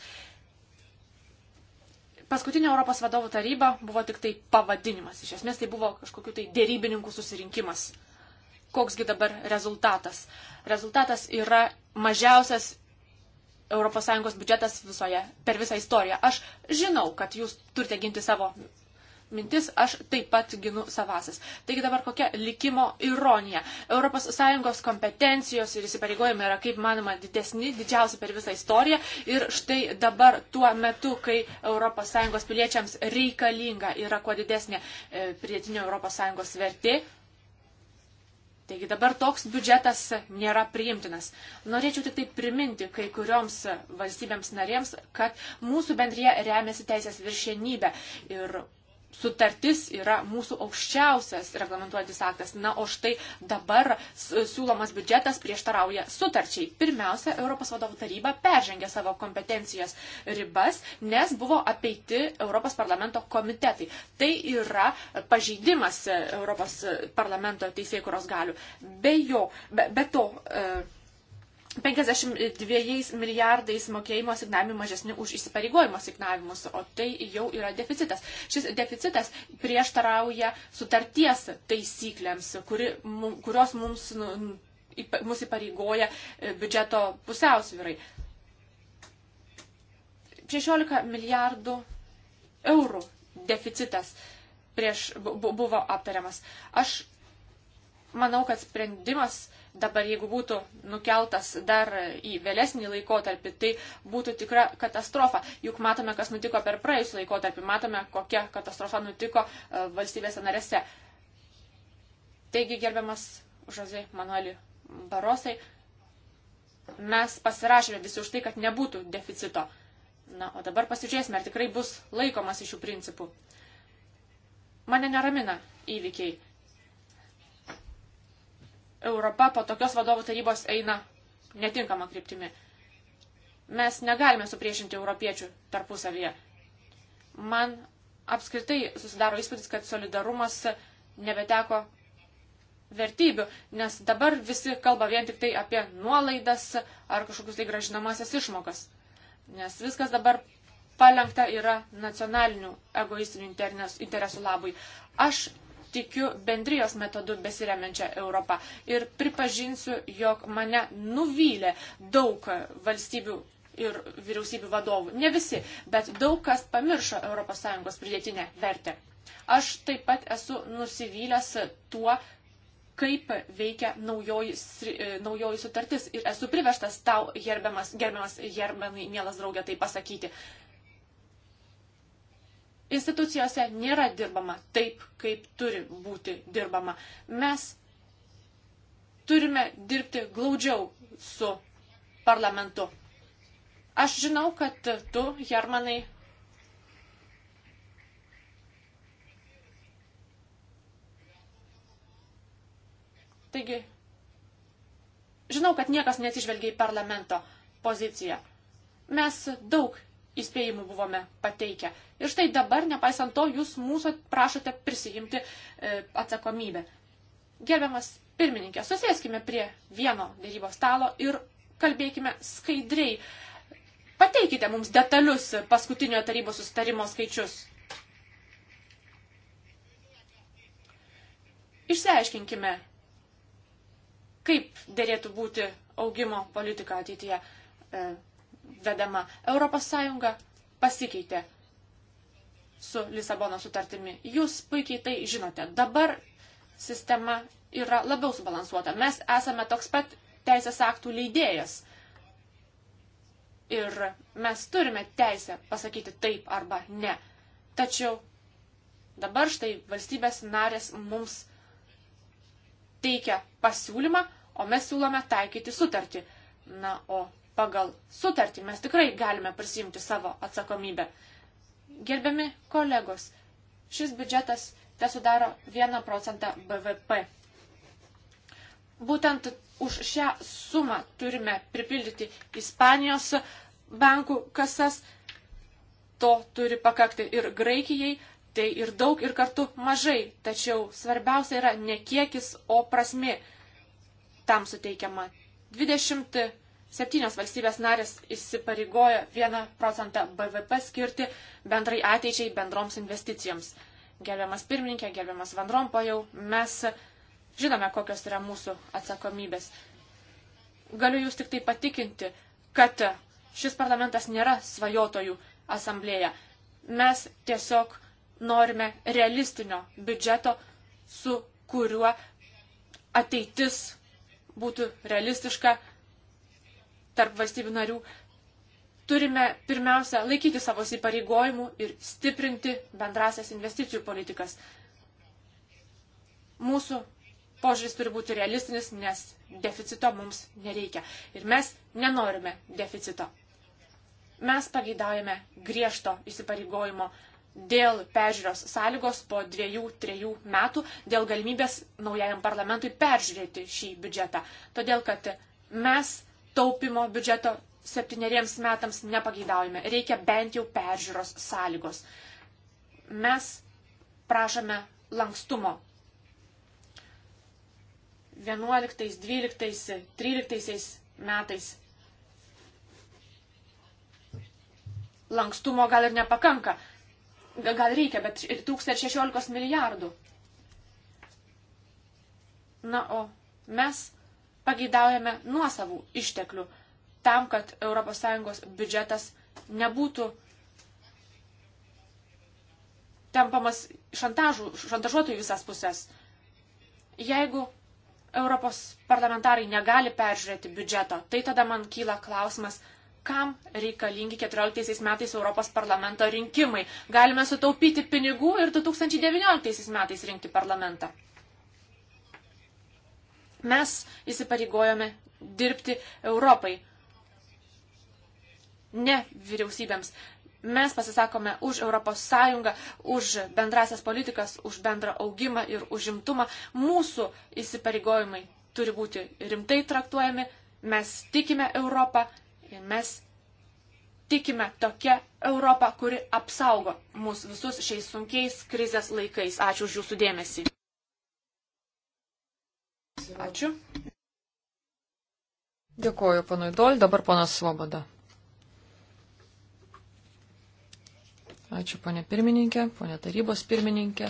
Paskutinė Europos vadovų taryba buvo tik tai pavadinimas. Iš esmės tai buvo kažkokiu tai dėrybininkų susirinkimas. Koksgi dabar rezultatas? Rezultatas yra mažiausias ES biudžetas visoje, per visą istoriją. Aš žinau, kad jūs turite ginti savo mintis, aš taip pat ginu savasis. Taigi dabar kokia likimo ironija. ES kompetencijos ir įsipareigojimai yra, kaip manoma, didesni, didžiausi per visą istoriją. Ir štai dabar tuo metu, kai ES piliečiams reikalinga yra kuo didesnė e, pridėtinio ES vertė, Taigi dabar toks biudžetas nėra priimtinas. Norėčiau tik tai priminti kai kurioms valstybėms narėms, kad mūsų bendrėje remiasi teisės viršienybė ir sutartis yra mūsų aukščiausias reglamentuojantis aktas. Na, o štai dabar siūlomas biudžetas prieštarauja sutarčiai. Pirmiausia, Europos vadovų taryba peržengė savo kompetencijos ribas, nes buvo apeiti Europos parlamento komitetai. Tai yra pažeidimas Europos parlamento teisėjų kuros galių. Be jo, be, be to. E, 52 milijardais mokėjimo signavimai mažesni už įsipareigojimo signavimus, o tai jau yra deficitas. Šis deficitas prieštarauja sutarties taisyklėms, kuri, kurios mums, nu, nu, mus įpareigoja e, biudžeto pusiausvyrai. 16 milijardų eurų deficitas prieš, buvo aptariamas. Aš manau, kad sprendimas uh, Dabar, jeigu būtų nukeltas dar į vėlesnį laikotarpį, tai būtų tikra katastrofa. Juk matome, kas nutiko per praėjus laikotarpį, matome, kokia katastrofa nutiko e, valstybėse narėse. Taigi, gerbiamas Žozai Manueli Barosai, mes pasirašėme visi už tai, kad nebūtų deficito. Na, o dabar pasižiūrėsime, ar tikrai bus laikomas iš šių principų. Mane neramina įvykiai. Europa po tokios vadovų tarybos eina netinkama kryptimi. Mes negalime supriešinti europiečių tarpusavyje. Man apskritai susidaro įspūdis, kad solidarumas nebeteko vertybių, nes dabar visi kalba vien tik tai apie nuolaidas ar kažkokius tai gražinamasias išmokas. Nes viskas dabar palenkta yra nacionalinių egoistinių interesų labui. Aš tikiu bendrijos metodu besiremenčią Europą. Ir pripažinsiu, jog mane nuvylė daug valstybių ir vyriausybių vadovų. Ne visi, bet daug kas pamiršo ES pridėtinę vertę. Aš taip pat esu nusivylęs tuo, kaip veikia naujoji, e, naujoji sutartis. Ir esu priverstas tau, gerbiamas, gerbiamas, gerbiamai, mielas draugė, tai pasakyti institucijose nėra dirbama taip, kaip turi būti dirbama. Mes turime dirbti glaudžiau su parlamentu. Aš žinau, kad tu, Hermanai, Taigi, žinau, kad niekas neatsižvelgia į parlamento poziciją. Mes daug įspėjimų buvome pateikę. Ir štai dabar, nepaisant to, jūs mūsų prašote prisijimti e, atsakomybę. Gerbiamas pirmininkė, susėskime prie vieno dėrybos stalo ir kalbėkime skaidriai. Pateikite mums detalius paskutinio tarybos sustarimo skaičius. Išsiaiškinkime, kaip dėlėtų būti augimo politika ateityje. E, vedama. Europos Sąjunga pasikeitė su Lisabono sutartimi. Jūs puikiai tai žinote. Dabar sistema yra labiau subalansuota. Mes esame toks pat teisės aktų leidėjas. Ir mes turime teisę pasakyti taip arba ne. Tačiau dabar štai valstybės narės mums teikia pasiūlymą, o mes siūlome taikyti sutartį. Na, o pagal sutartį mes tikrai galime prisijimti savo atsakomybę. Gerbiami kolegos, šis biudžetas te sudaro 1 procentą BVP. Būtent už šią sumą turime pripildyti Ispanijos bankų kasas, to turi pakakti ir Graikijai, tai ir daug ir kartu mažai, tačiau svarbiausia yra ne kiekis, o prasmi tam suteikiama. 20 Septynios valstybės narės įsipareigojo 1 procentą BVP skirti bendrai ateičiai bendroms investicijoms. Gerbiamas pirmininkė, gerbiamas Vandrompo jau, mes žinome, kokios yra mūsų atsakomybės. Galiu jūs tik tai patikinti, kad šis parlamentas nėra svajotojų asamblėja. Mes tiesiog norime realistinio biudžeto, su kuriuo ateitis būtų realistiška tarp valstybių narių, turime pirmiausia laikyti savo įpareigojimų ir stiprinti bendrasias investicijų politikas. Mūsų požiūris turi būti realistinis, nes deficito mums nereikia. Ir mes nenorime deficito. Mes pageidaujame griežto įsipareigojimo dėl peržiūros sąlygos po dviejų, trejų metų, dėl galimybės naujajam parlamentui peržiūrėti šį biudžetą. Todėl, kad mes taupimo biudžeto septyneriems metams nepageidaujame. Reikia bent jau peržiūros sąlygos. Mes prašome lankstumo. 11, 12, 13 metais lankstumo gal ir nepakanka. Gal reikia, bet ir 1016 milijardų. Na, o mes pageidaujame nuosavų išteklių tam, kad ES biudžetas nebūtų tempamas šantažų, šantažuotų į visas pusės. Jeigu Europos parlamentarai negali peržiūrėti biudžeto, tai tada man kyla klausimas, kam reikalingi 14 metais Europos parlamento rinkimai. Galime sutaupyti pinigų ir 2019 metais rinkti parlamentą. Mes įsipareigojome dirbti Europai, ne vyriausybėms. Mes pasisakome už Europos Sąjungą, už bendrasias politikas, už bendrą augimą ir užimtumą. Mūsų įsipareigojimai turi būti rimtai traktuojami. Mes tikime Europą ir mes tikime tokią Europą, kuri apsaugo mus visus šiais sunkiais krizės laikais. Ačiū už Jūsų dėmesį. Ačiū. Dėkuoju, panui Dol, dabar panas Svoboda. Ačiū, ponė pirmininkė, ponė tarybos pirmininkė.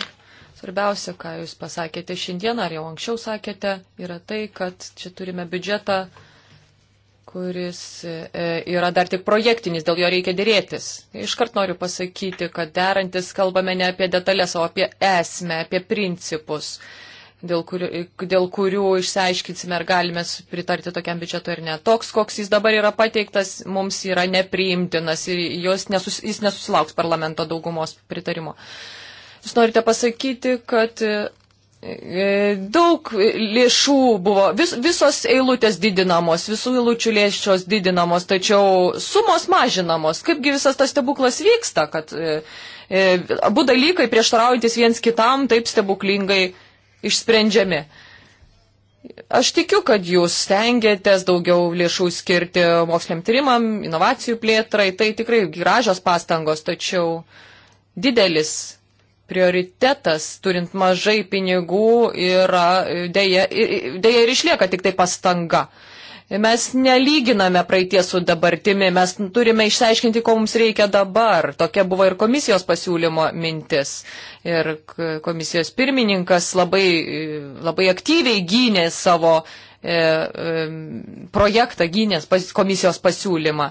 Svarbiausia, ką Jūs pasakėte šiandien, ar jau anksčiau sakėte, yra tai, kad čia turime biudžetą, kuris e, yra dar tik projektinis, dėl jo reikia dėrėtis. Iškart noriu pasakyti, kad derantis kalbame ne apie detalės, o apie esmę, apie principus dėl kurių, dėl kurių išsiaiškinsime, ar galime pritarti tokiam biudžetui ar ne. Toks, koks jis dabar yra pateiktas, mums yra nepriimtinas ir nesus, jis nesusilauks parlamento daugumos pritarimo. Jūs norite pasakyti, kad e, e, daug lėšų buvo, vis, visos eilutės didinamos, visų eilučių lėšos didinamos, tačiau sumos mažinamos. Kaipgi visas tas stebuklas vyksta, kad e, e abu dalykai prieštaraujantis viens kitam taip stebuklingai išsprendžiami. Aš tikiu, kad jūs stengiatės daugiau lėšų skirti moksliniam tyrimam, inovacijų plėtrai, tai tikrai gražios pastangos, tačiau didelis prioritetas, turint mažai pinigų, yra dėja, dėja ir išlieka tik tai pastanga. Uh, Mes nelyginame praeitie su dabartimi, mes turime išsiaiškinti, ko mums reikia dabar. Tokia buvo ir komisijos pasiūlymo mintis. Ir komisijos pirmininkas labai, labai aktyviai gynė savo e, e, projektą, gynė pas, komisijos pasiūlymą.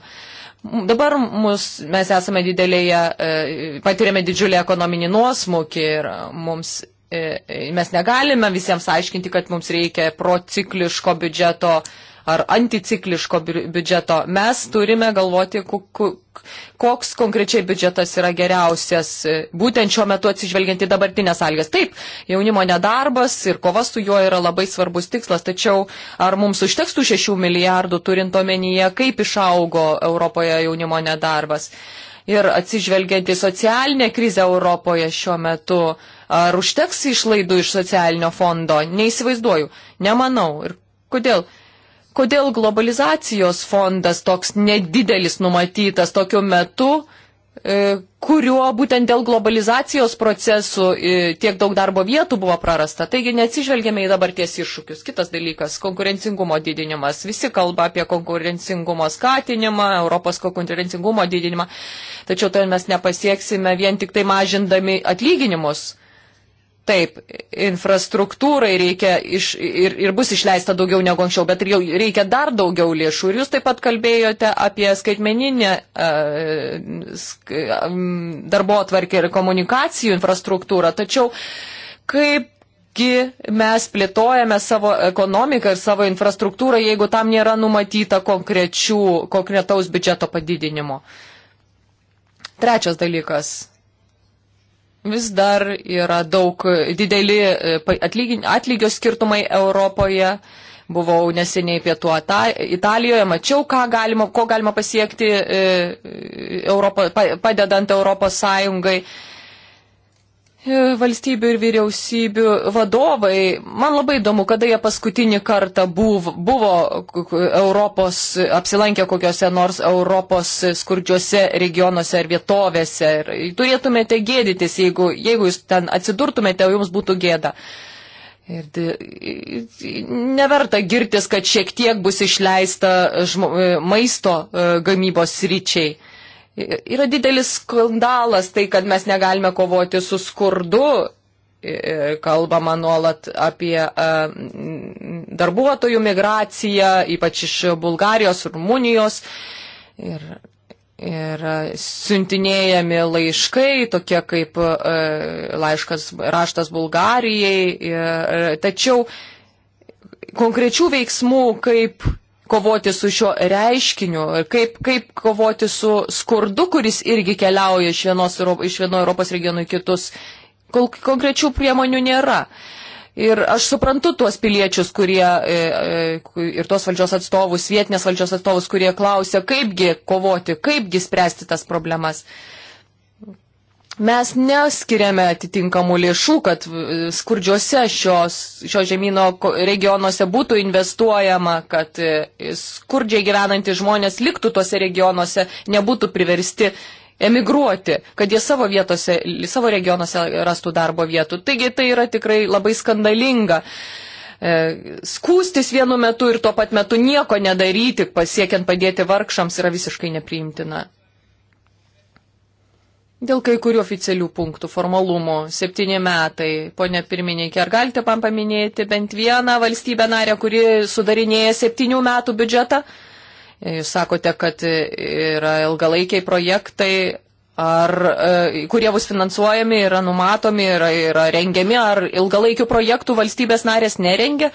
Dabar mus, mes esame didelėje, e, patiriame didžiulį ekonominį nuosmukį ir mums e, e, mes negalime visiems aiškinti, kad mums reikia procikliško biudžeto ar anticikliško biudžeto. Mes turime galvoti, koks konkrečiai biudžetas yra geriausias, e, būtent šiuo metu atsižvelgiant į dabartinės sąlygas. Taip, jaunimo nedarbas ir kova su juo yra labai svarbus tikslas, tačiau ar mums užteks tų 6 milijardų turint omenyje, kaip išaugo Europoje jaunimo nedarbas? ir atsižvelgiant į socialinę krizę Europoje šiuo metu, ar užteks išlaidų iš socialinio fondo, neįsivaizduoju, nemanau. Ir kodėl? kodėl globalizacijos fondas toks nedidelis numatytas tokiu metu, e, kuriuo būtent dėl globalizacijos procesų e, tiek daug darbo vietų buvo prarasta. Taigi neatsižvelgėme į dabarties iššūkius. Kitas dalykas - konkurencingumo didinimas. Visi kalba apie konkurencingumo skatinimą, Europos konkurencingumo didinimą. Tačiau to tai mes nepasieksime vien tik tai mažindami atlyginimus. Taip, infrastruktūrai reikia iš, ir, ir bus išleista daugiau negu anksčiau, bet jau reikia dar daugiau lėšų. Ir jūs taip pat kalbėjote apie skaitmeninę e, sk, e, darbo atvarkę ir komunikacijų infrastruktūrą. Tačiau kaipgi mes plėtojame savo ekonomiką ir savo infrastruktūrą, jeigu tam nėra numatyta konkretaus biudžeto padidinimo? Trečias dalykas vis dar yra daug dideli e, atlygio skirtumai Europoje. Buvau neseniai pietų Italijoje, mačiau, galima, ko galima pasiekti e, e, Europo, padedant Europos Sąjungai valstybių ir vyriausybių vadovai, man labai įdomu, kada jie paskutinį kartą buvo, buvo Europos, apsilankę kokiuose nors Europos skurdžiuose regionuose ar vietovėse. Ir turėtumėte gėdytis, jeigu, jeigu jūs ten atsidurtumėte, jums būtų gėda. Ir neverta girtis, kad šiek tiek bus išleista žmo, e, maisto e, gamybos ryčiai. Yra didelis skandalas tai, kad mes negalime kovoti su skurdu, e, kalbama nuolat apie e, darbuotojų migraciją, ypač iš Bulgarijos, Rumunijos. Ir, ir siuntinėjami laiškai, tokie kaip e, laiškas raštas Bulgarijai. Ir, tačiau konkrečių veiksmų, kaip kovoti su šiuo reiškiniu, kaip, kaip kovoti su skurdu, kuris irgi keliauja iš, vienos, iš vieno Europos regionų į kitus. Kol konkrečių priemonių nėra. Ir aš suprantu tuos piliečius, kurie e, e, ir tos valdžios atstovus, vietinės valdžios atstovus, kurie klausia, kaipgi kovoti, kaipgi spręsti tas problemas. Mes neskiriame atitinkamų lėšų, kad e, skurdžiuose šios, šio žemynų regionuose būtų investuojama, kad e, skurdžiai gyvenantys žmonės liktų tuose regionuose, nebūtų priversti emigruoti, kad jie savo, vietose, savo regionuose rastų darbo vietų. Taigi tai yra tikrai labai skandalinga e, skūstis vienu metu ir tuo pat metu nieko nedaryti, pasiekiant padėti vargšams, yra visiškai nepriimtina. Dėl kai kurių oficialių punktų formalumų - septyni metai. Pone pirmininkė, ar galite man paminėti bent vieną valstybę narę, kuri sudarinėja septynių metų biudžetą? Jūs sakote, kad yra ilgalaikiai projektai, ar, e, kurie bus finansuojami, yra numatomi, yra, yra rengiami, ar ilgalaikių projektų valstybės narės nerengia.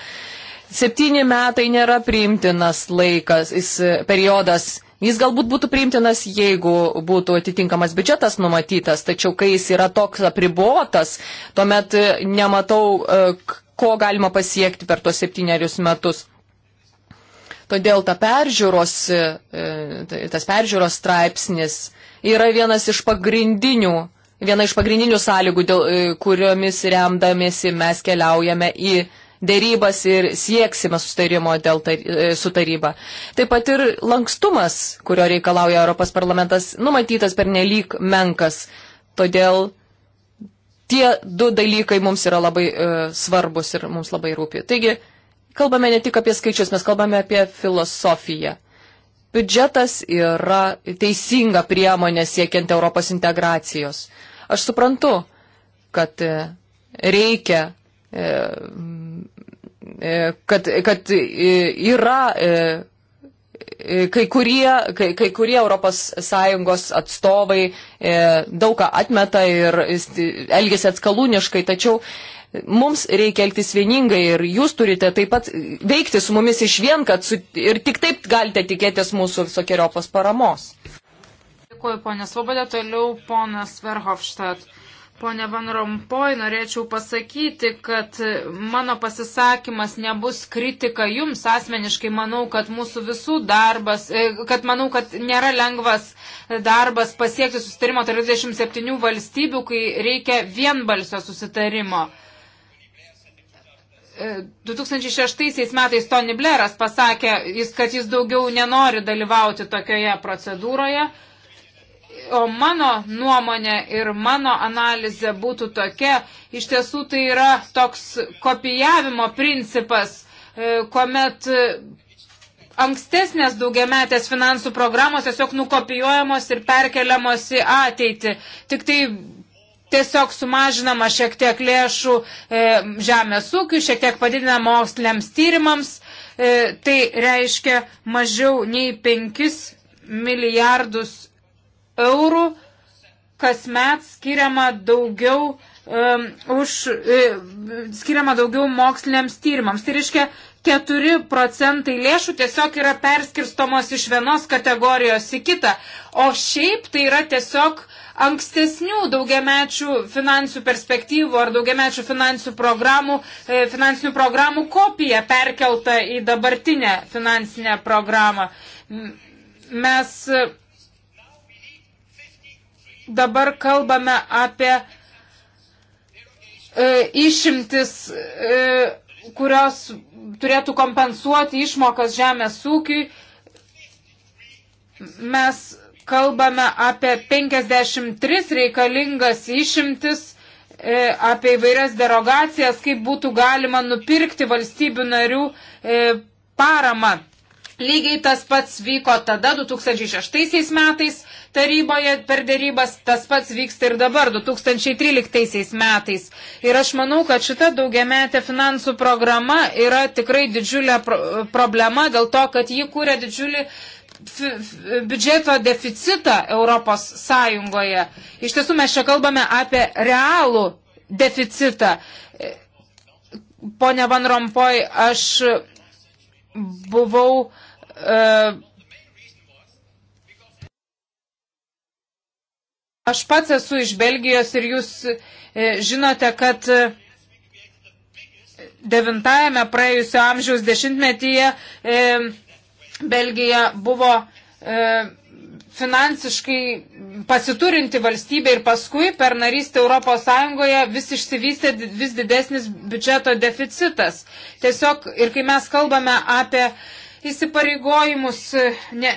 Septyni metai nėra priimtinas laikas, jis, periodas Jis galbūt būtų priimtinas, jeigu būtų atitinkamas biudžetas numatytas, tačiau kai jis yra toks apribotas, tuomet e, nematau, e, ko galima pasiekti per tuos septynerius metus. Todėl ta peržiūros, e, tai tas peržiūros straipsnis yra vienas iš pagrindinių, viena iš pagrindinių sąlygų, dėl, kuriomis remdamėsi mes keliaujame į dėrybas ir sieksime sustarimo dėl tar, e, su taryba. Taip pat ir lankstumas, kurio reikalauja Europos parlamentas, numatytas per nelik menkas. Todėl tie du dalykai mums yra labai e, svarbus ir mums labai rūpi. Taigi, kalbame ne tik apie skaičius, mes kalbame apie filosofiją. Biudžetas yra teisinga priemonė siekiant Europos integracijos. Aš suprantu, kad e, reikia E, e, kad, kad yra e, kai kurie, kai, kai kurie ES atstovai daugą atmeta ir elgesi atskalūniškai, tačiau mums reikia elgtis vieningai ir jūs turite taip pat veikti su mumis iš vien, kad su, ir tik taip galite tikėtis mūsų visokiojopos paramos. Dėkuoju, ponė Svobodė, toliau ponas Verhofstadt. Pone Van Rompoj, norėčiau pasakyti, kad mano pasisakymas nebus kritika jums asmeniškai. Manau, kad mūsų visų darbas, e, kad manau, kad nėra lengvas darbas pasiekti susitarimo 37 valstybių, kai reikia vienbalsio susitarimo. 2006 e, metais Tony Blairas pasakė, kad jis daugiau nenori dalyvauti tokioje procedūroje. O mano nuomonė ir mano analizė būtų tokia, iš tiesų tai yra toks kopijavimo principas, e, kuomet e, ankstesnės daugiametės finansų programos tiesiog nukopijuojamos ir perkeliamos į ateitį. Tik tai tiesiog sumažinama šiek tiek lėšų e, žemės ūkių, šiek tiek padidinama moksliniams tyrimams. E, tai reiškia mažiau nei 5 milijardus eurų kasmet skiriama daugiau um, už, um, skiriama daugiau moksliniams tyrimams. Tai reiškia, 4 procentai lėšų tiesiog yra perskirstomos iš vienos kategorijos į kitą, o šiaip tai yra tiesiog ankstesnių daugiamečių finansų perspektyvų ar daugiamečių finansų programų, e, finansinių programų kopija perkelta į dabartinę finansinę programą. Mes dabar kalbame apie e, išimtis, e, kurios turėtų kompensuoti išmokas žemės ūkiui. Mes kalbame apie 53 reikalingas išimtis, e, apie įvairias derogacijas, kaip būtų galima nupirkti valstybių narių e, paramą. Lygiai tas pats vyko tada 2006 metais taryboje per dėrybas, tas pats vyksta ir dabar, 2013 metais. Ir aš manau, kad šita daugiametė finansų programa yra tikrai didžiulė pro problema dėl to, kad ji kūrė didžiulį biudžeto deficitą Europos Sąjungoje. Iš tiesų mes čia kalbame apie realų deficitą. Pone Van Rompoj, aš buvau e, Aš pats esu iš Belgijos ir jūs e, žinote, kad e, devintajame praėjusio amžiaus dešimtmetyje e, Belgija buvo e, finansiškai pasiturinti valstybė ir paskui per narystę Europos Sąjungoje vis išsivystė vis didesnis biudžeto deficitas. Tiesiog ir kai mes kalbame apie įsipareigojimus e, ne,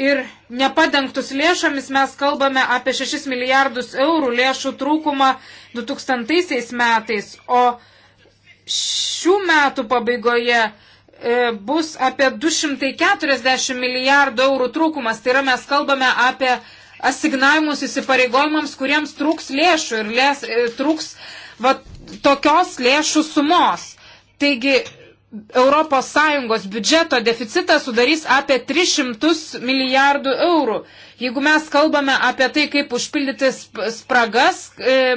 ir nepadengtus lėšomis mes kalbame apie 6 milijardus eurų lėšų trūkumą 2000 metais, o šių metų pabaigoje e, bus apie 240 milijardų eurų trūkumas. Tai yra mes kalbame apie asignavimus įsipareigojimams, kuriems trūks lėšų ir lės, e, trūks va, tokios lėšų sumos. Taigi ES biudžeto deficitas sudarys apie 300 milijardų eurų. Jeigu mes kalbame apie tai, kaip užpildyti spragas, e,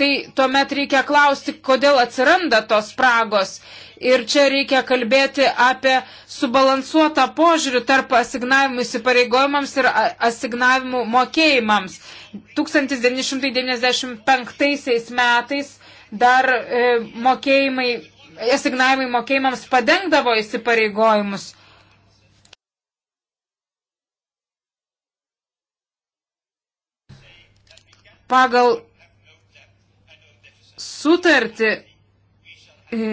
tai tuomet reikia klausti, kodėl atsiranda tos spragos. Ir čia reikia kalbėti apie subalansuotą požiūrį tarp asignavimų įsipareigojimams ir asignavimų mokėjimams. 1995 metais dar e, mokėjimai asignavimai mokėjimams padengdavo įsipareigojimus. Pagal sutartį, e,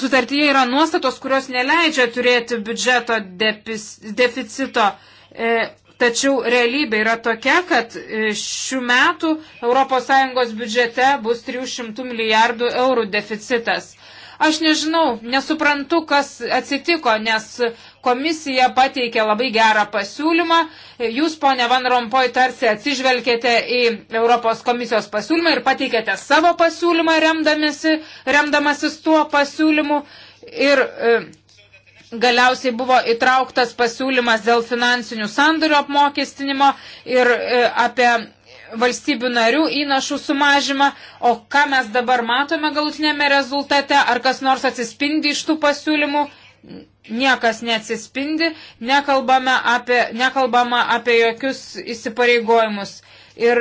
sutartyje yra nuostatos, kurios neleidžia turėti biudžeto deficito. E, tačiau realybė yra tokia, kad e, šių metų ES biudžete bus 300 milijardų eurų deficitas. Aš nežinau, nesuprantu, kas atsitiko, nes komisija pateikė labai gerą pasiūlymą. Jūs, ponė Van Rompoj, tarsi atsižvelgėte į Europos komisijos pasiūlymą ir pateikėte savo pasiūlymą remdamasi, remdamasis tuo pasiūlymu. Ir e, galiausiai buvo įtrauktas pasiūlymas dėl finansinių sandorių apmokestinimo ir e, apie valstybių narių įnašų sumažimą, o ką mes dabar matome galutinėme rezultate, ar kas nors atsispindi iš tų pasiūlymų, niekas neatsispindi, nekalbame apie, nekalbama apie jokius įsipareigojimus. Ir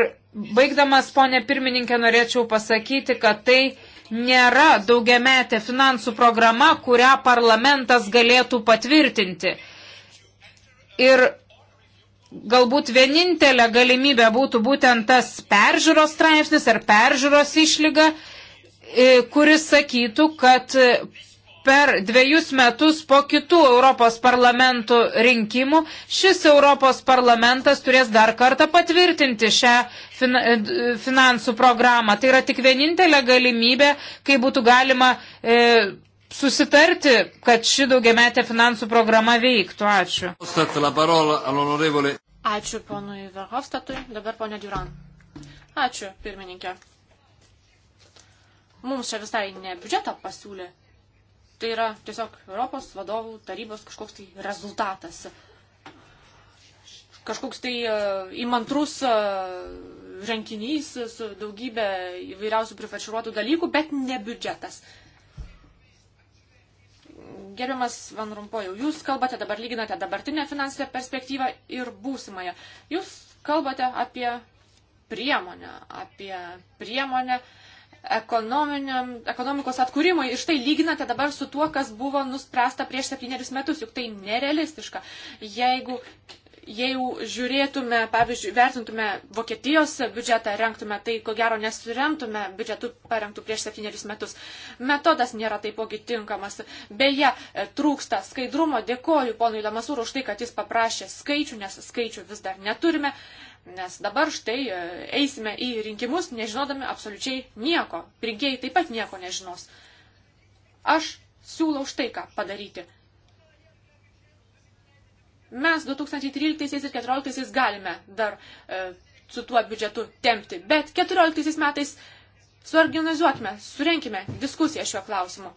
baigdamas, ponė pirmininkė, norėčiau pasakyti, kad tai nėra daugiametė finansų programa, kurią parlamentas galėtų patvirtinti. Ir galbūt vienintelė galimybė būtų būtent tas peržiūros straipsnis ar peržiūros išlyga, e, kuris sakytų, kad per dviejus metus po kitų Europos parlamentų rinkimų šis Europos parlamentas turės dar kartą patvirtinti šią fin e, finansų programą. Tai yra tik vienintelė galimybė, kai būtų galima e, susitarti, kad ši daugiametė finansų programa veiktų. Ačiū. Ačiū ponui Verhofstatui. Dabar ponė Duran. Ačiū, pirmininkė. Mums čia visai ne biudžetą pasiūlė. Tai yra tiesiog Europos vadovų tarybos kažkoks tai rezultatas. Kažkoks tai uh, įmantrus uh, renginys su daugybė įvairiausių prifarširuotų dalykų, bet ne biudžetas. Uh, Gerbiamas Van Rumpojau, jūs kalbate dabar, lyginate dabartinę finansinę perspektyvą ir būsimąją. Jūs kalbate apie priemonę, apie priemonę ekonomikos atkūrimui. Ir štai lyginate dabar su tuo, kas buvo nuspręsta prieš septynerius metus, juk tai nerealistiška. Jeigu Jeigu žiūrėtume, pavyzdžiui, vertintume Vokietijos biudžetą, renktume, tai ko gero nesuremtume biudžetų parengtų prieš septynerius metus. Metodas nėra taipogi tinkamas. Beje, e, trūksta skaidrumo. Dėkoju ponui Lamasūru už tai, kad jis paprašė skaičių, nes skaičių vis dar neturime. Nes dabar štai e, eisime į rinkimus, nežinodami absoliučiai nieko. Rinkėjai taip pat nieko nežinos. Aš siūlau štai ką padaryti Mes 2013 ir 2014 galime dar e, su tuo biudžetu tempti, bet 2014 metais suorganizuokime, surenkime diskusiją šiuo klausimu.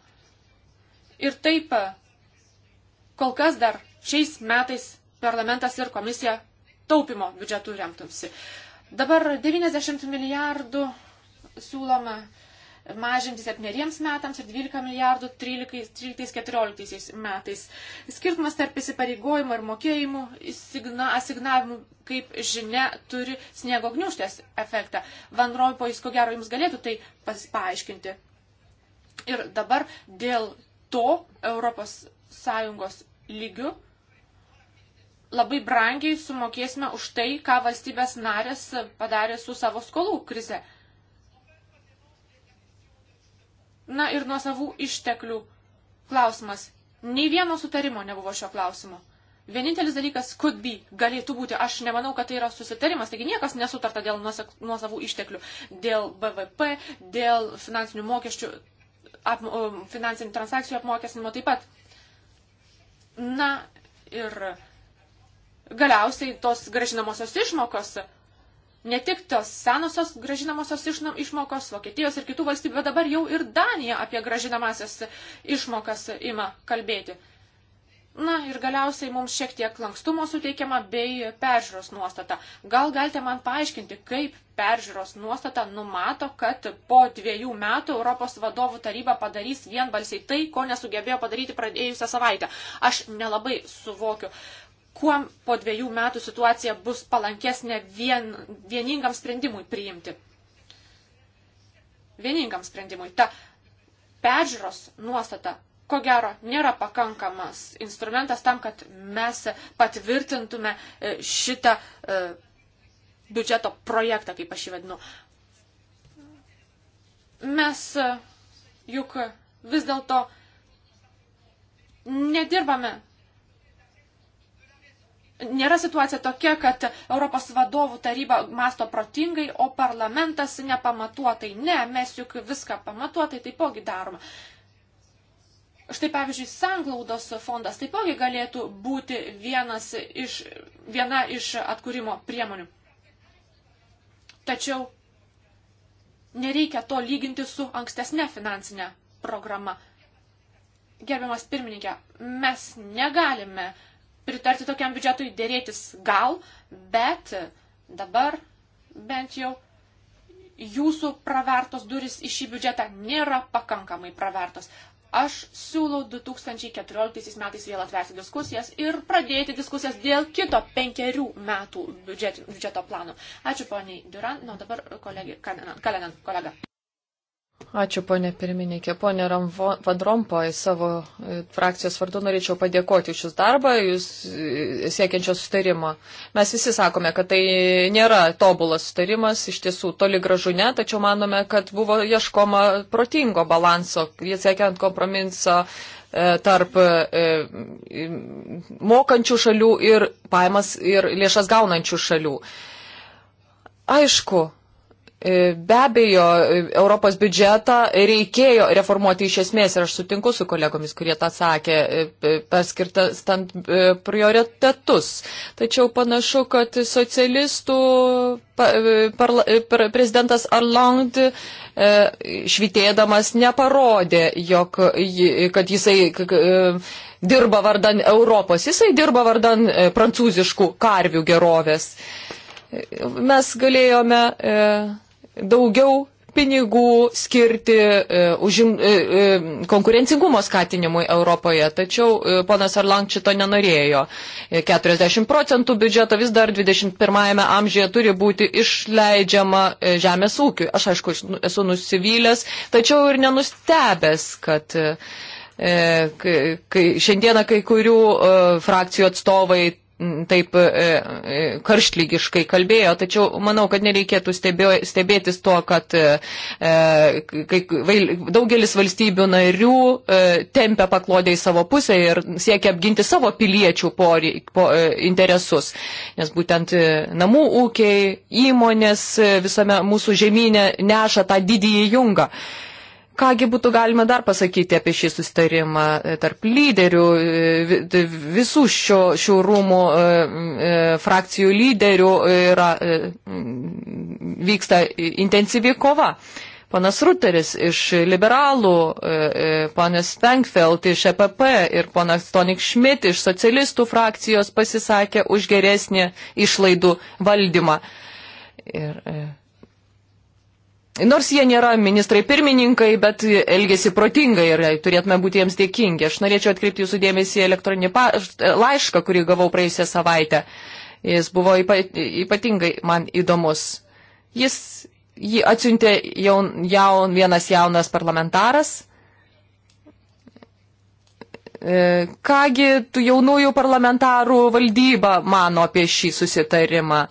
Ir taip e, kol kas dar šiais metais parlamentas ir komisija taupimo biudžetų remtumsi. Dabar 90 milijardų siūloma mažinti 7 metams ir 12 milijardų 13-14 metais. Skirtumas tarp įsipareigojimų ir mokėjimų asignavimų, kaip žinia, turi sniego gniuštės efektą. Van Rompuy, ko gero, jums galėtų tai paaiškinti. Ir dabar dėl to Europos Sąjungos lygių labai brangiai sumokėsime už tai, ką valstybės narės padarė su savo skolų krize. Na ir nuo savų išteklių klausimas. Nei vieno sutarimo nebuvo šio klausimo. Vienintelis dalykas could be, galėtų būti. Aš nemanau, kad tai yra susitarimas, taigi niekas nesutarta dėl nuosavų išteklių, dėl BVP, dėl finansinių mokesčių, ap, finansinių transakcijų apmokestinimo taip pat. Na ir galiausiai tos gražinamosios išmokos ne tik tos senosios gražinamosios išmokos Vokietijos ir kitų valstybių, bet dabar jau ir Danija apie gražinamasias išmokas ima kalbėti. Na ir galiausiai mums šiek tiek lankstumo suteikiama bei peržiūros nuostata. Gal galite man paaiškinti, kaip peržiūros nuostata numato, kad po dviejų metų Europos vadovų taryba padarys vienbalsiai tai, ko nesugebėjo padaryti pradėjusią savaitę. Aš nelabai suvokiu, kuo po dviejų metų situacija bus palankesnė vien, vieningam sprendimui priimti. Vieningam sprendimui. Ta peržiūros nuostata, ko gero, nėra pakankamas instrumentas tam, kad mes patvirtintume e, šitą e, biudžeto projektą, kaip aš jį vadinu. Mes e, juk vis dėlto nedirbame nėra situacija tokia, kad Europos vadovų taryba masto protingai, o parlamentas nepamatuotai. Ne, mes juk viską pamatuotai taipogi darome. Štai pavyzdžiui, sanglaudos fondas taipogi galėtų būti vienas iš, viena iš atkūrimo priemonių. Tačiau nereikia to lyginti su ankstesne finansinė programa. Gerbiamas pirmininkė, mes negalime uh, pritarti tokiam biudžetui, dėrėtis gal, bet dabar bent jau jūsų pravertos duris į šį biudžetą nėra pakankamai pravertos. Aš siūlau 2014 metais vėl atverti diskusijas ir pradėti diskusijas dėl kito penkerių metų biudžet, biudžeto plano. Ačiū poniai Duran, na nu, dabar kolegė, Kalenan, kolega. Ačiū, ponė pirmininkė. Pone Vandrompoj, savo e, frakcijos vardu norėčiau padėkoti už jūs darbą, jūs e, siekiančio sustarimo. Mes visi sakome, kad tai nėra tobulas sustarimas, iš tiesų toli gražu ne, tačiau manome, kad buvo ieškoma protingo balanso, siekiant kompromiso e, tarp mokančių šalių ir pajamas ir lėšas gaunančių šalių. Aišku, E, be abejo, e, Europos biudžetą reikėjo reformuoti iš esmės ir aš sutinku su kolegomis, kurie tą sakė, e, paskirtas tant prioritetus. Tačiau panašu, kad socialistų parla, par, prezidentas Arland švitėdamas neparodė, jog, kad jisai dirba vardan Europos, jisai dirba vardan prancūziškų karvių gerovės. Mes galėjome daugiau pinigų skirti e, užim, e, e, konkurencingumo skatinimui Europoje, tačiau e, ponas Arlank šito nenorėjo. E, 40 procentų biudžeto vis dar 21 amžiuje turi būti išleidžiama e, žemės ūkiui. Aš aišku nu, esu nusivylęs, tačiau ir nenustebęs, kad e, e, kai, kai šiandieną kai kurių e, frakcijų atstovai Mm, taip e, e, karštlygiškai kalbėjo, tačiau manau, kad nereikėtų stebėjo, stebėtis to, kad e, kai, vail, daugelis valstybių narių tempia paklodę į savo pusę ir siekia apginti savo piliečių porį, po, interesus, nes būtent namų ūkiai, įmonės visame mūsų žemynė neša tą didįjį jungą. Kągi būtų galima dar pasakyti apie šį sustarimą e, tarp lyderių, e, visų šio, šių rūmų e, frakcijų lyderių yra, vyksta intensyvi kova. Panas Ruteris iš liberalų, panas Stankfeld iš EPP ir panas Tonik Šmit iš socialistų frakcijos pasisakė už geresnį išlaidų valdymą. Ir, Nors jie nėra ministrai pirmininkai, bet elgesi protingai ir turėtume būti jiems dėkingi. Aš norėčiau atkreipti jūsų dėmesį į elektroninį e, laišką, kurį gavau praėjusią savaitę. Jis buvo ypatingai man įdomus. Jis jį atsiuntė jaun, jaun, vienas jaunas parlamentaras. E, kągi tų jaunųjų parlamentarų valdyba mano apie šį susitarimą?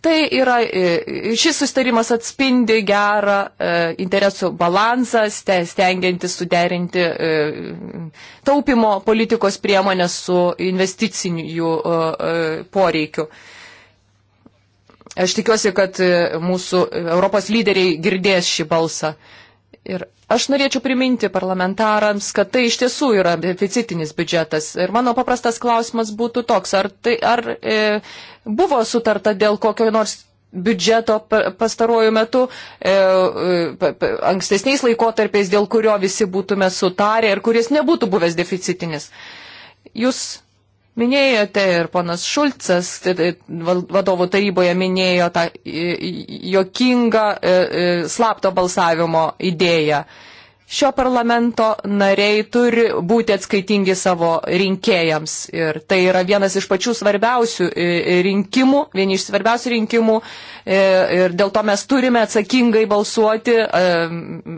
Tai yra, e, šis sustarimas atspindi gerą e, interesų balansą, stengiantis suderinti e, taupimo politikos priemonės su investiciniu e, e poreikiu. Aš tikiuosi, kad e, mūsų Europos lyderiai girdės šį balsą. Ir Aš norėčiau priminti parlamentarams, kad tai iš tiesų yra deficitinis biudžetas. Ir mano paprastas klausimas būtų toks, ar, tai, ar e, buvo sutarta dėl kokio nors biudžeto pastaruoju metu, e, e, ankstesniais laikotarpiais, dėl kurio visi būtume sutarę ir kuris nebūtų buvęs deficitinis. Jūs minėjote ir ponas Šulcas tai, tai, vadovų taryboje minėjo tą jokingą e, e, slapto balsavimo idėją. Šio parlamento nariai turi būti atskaitingi savo rinkėjams ir tai yra vienas iš pačių svarbiausių e, rinkimų, vieni iš svarbiausių rinkimų E, ir dėl to mes turime atsakingai balsuoti, e,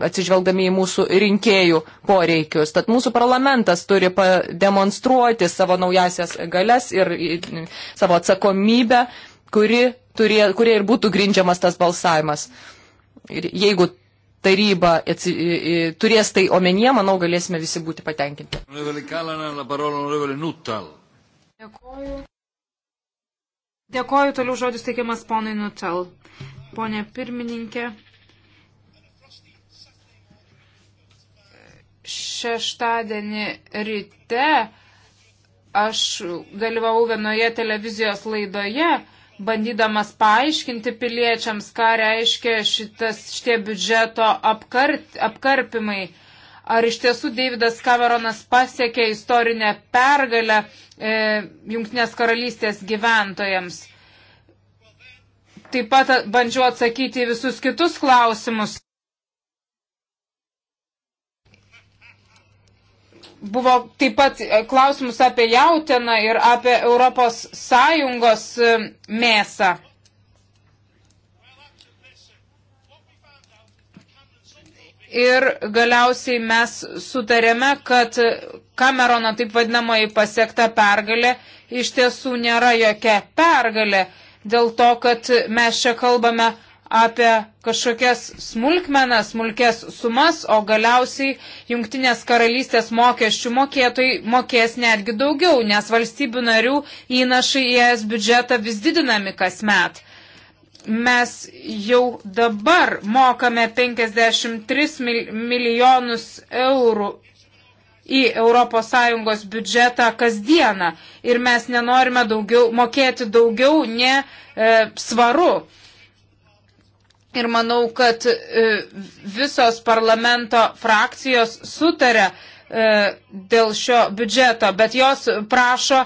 atsižvelgdami į mūsų rinkėjų poreikius. Tad mūsų parlamentas turi pademonstruoti savo naujasias galias ir savo atsakomybę, kuri, turė, kurie ir būtų grindžiamas tas balsavimas. Ir jeigu taryba atsi, turės tai omenyje, manau, galėsime visi būti patenkinti. Dėkuoju. Dėkoju, toliau žodis teikiamas ponai Nutel. Pone pirmininkė, šeštadienį ryte aš dalyvau vienoje televizijos laidoje, bandydamas paaiškinti piliečiams, ką reiškia šitas, šitie biudžeto apkart, apkarpimai ar iš tiesų Davidas Cameronas pasiekė istorinę pergalę e, Junktinės karalystės gyventojams. Taip pat bandžiau atsakyti į visus kitus klausimus. Buvo taip pat e, klausimus apie jautieną ir apie Europos Sąjungos e, mėsą. ir galiausiai mes sutarėme, kad Kamerono taip vadinamoji pasiekta pergalė iš tiesų nėra jokia pergalė, dėl to, kad mes čia kalbame apie kažkokias smulkmenas, smulkes sumas, o galiausiai jungtinės karalystės mokesčių mokėtojai mokės netgi daugiau, nes valstybių narių įnašai į ES biudžetą vis didinami kasmet mes jau dabar mokame 53 milijonus eurų į ES biudžetą kasdieną ir mes nenorime daugiau, mokėti daugiau, ne e, svaru. Ir manau, kad e, visos parlamento frakcijos sutarė, E, dėl šio biudžeto, bet jos prašo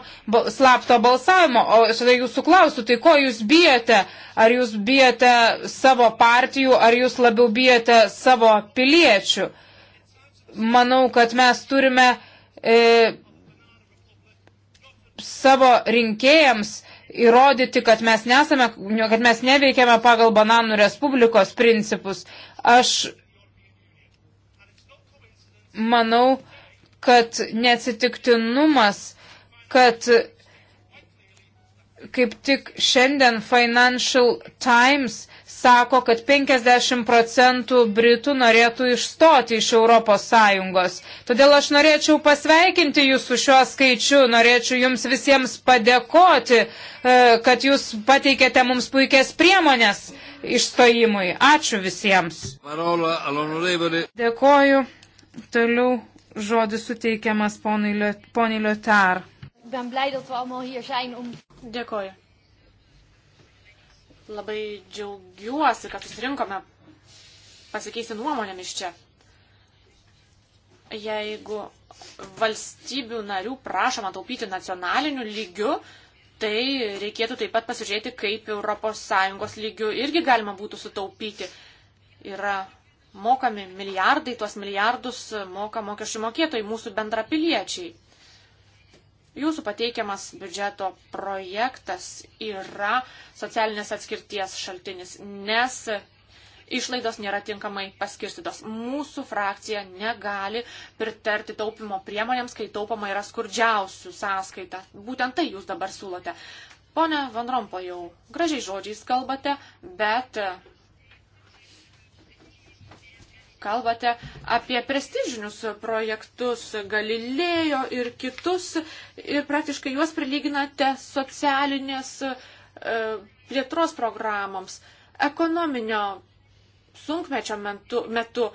slapto balsavimo. O tada jūsų klausiu, tai ko jūs bijote? Ar jūs bijote savo partijų, ar jūs labiau bijote savo piliečių? Manau, kad mes turime e, savo rinkėjams įrodyti, kad mes, nesame, kad mes neveikiame pagal bananų respublikos principus. Aš manau, kad neatsitiktinumas, kad kaip tik šiandien Financial Times sako, kad 50 procentų Britų norėtų išstoti iš Europos Sąjungos. Todėl aš norėčiau pasveikinti jūs su šiuo skaičiu, norėčiau jums visiems padėkoti, e, kad jūs pateikėte mums puikias priemonės išstojimui. Ačiū visiems. Dėkoju. Toliau žodis suteikiamas poniai Liotar. Dėkoju. Labai džiaugiuosi, kad susirinkome pasikeisti nuomonėmis čia. Jeigu valstybių narių prašoma taupyti nacionaliniu lygiu, tai reikėtų taip pat pasižiūrėti, kaip ES lygiu irgi galima būtų sutaupyti. Yra mokami milijardai, tuos milijardus moka mokesčių mokėtojai, mūsų bendrapiliečiai. Jūsų pateikiamas biudžeto projektas yra socialinės atskirties šaltinis, nes išlaidos nėra tinkamai paskirstytos. Mūsų frakcija negali pritarti taupimo priemonėms, kai taupama yra skurdžiausių sąskaita. Būtent tai jūs dabar siūlote. Pone Van Rompo, jau gražiai žodžiais kalbate, bet kalbate apie prestižinius projektus Galilėjo ir kitus ir praktiškai juos prilyginate socialinės e, plėtros programoms. Ekonominio sunkmečio metu, metu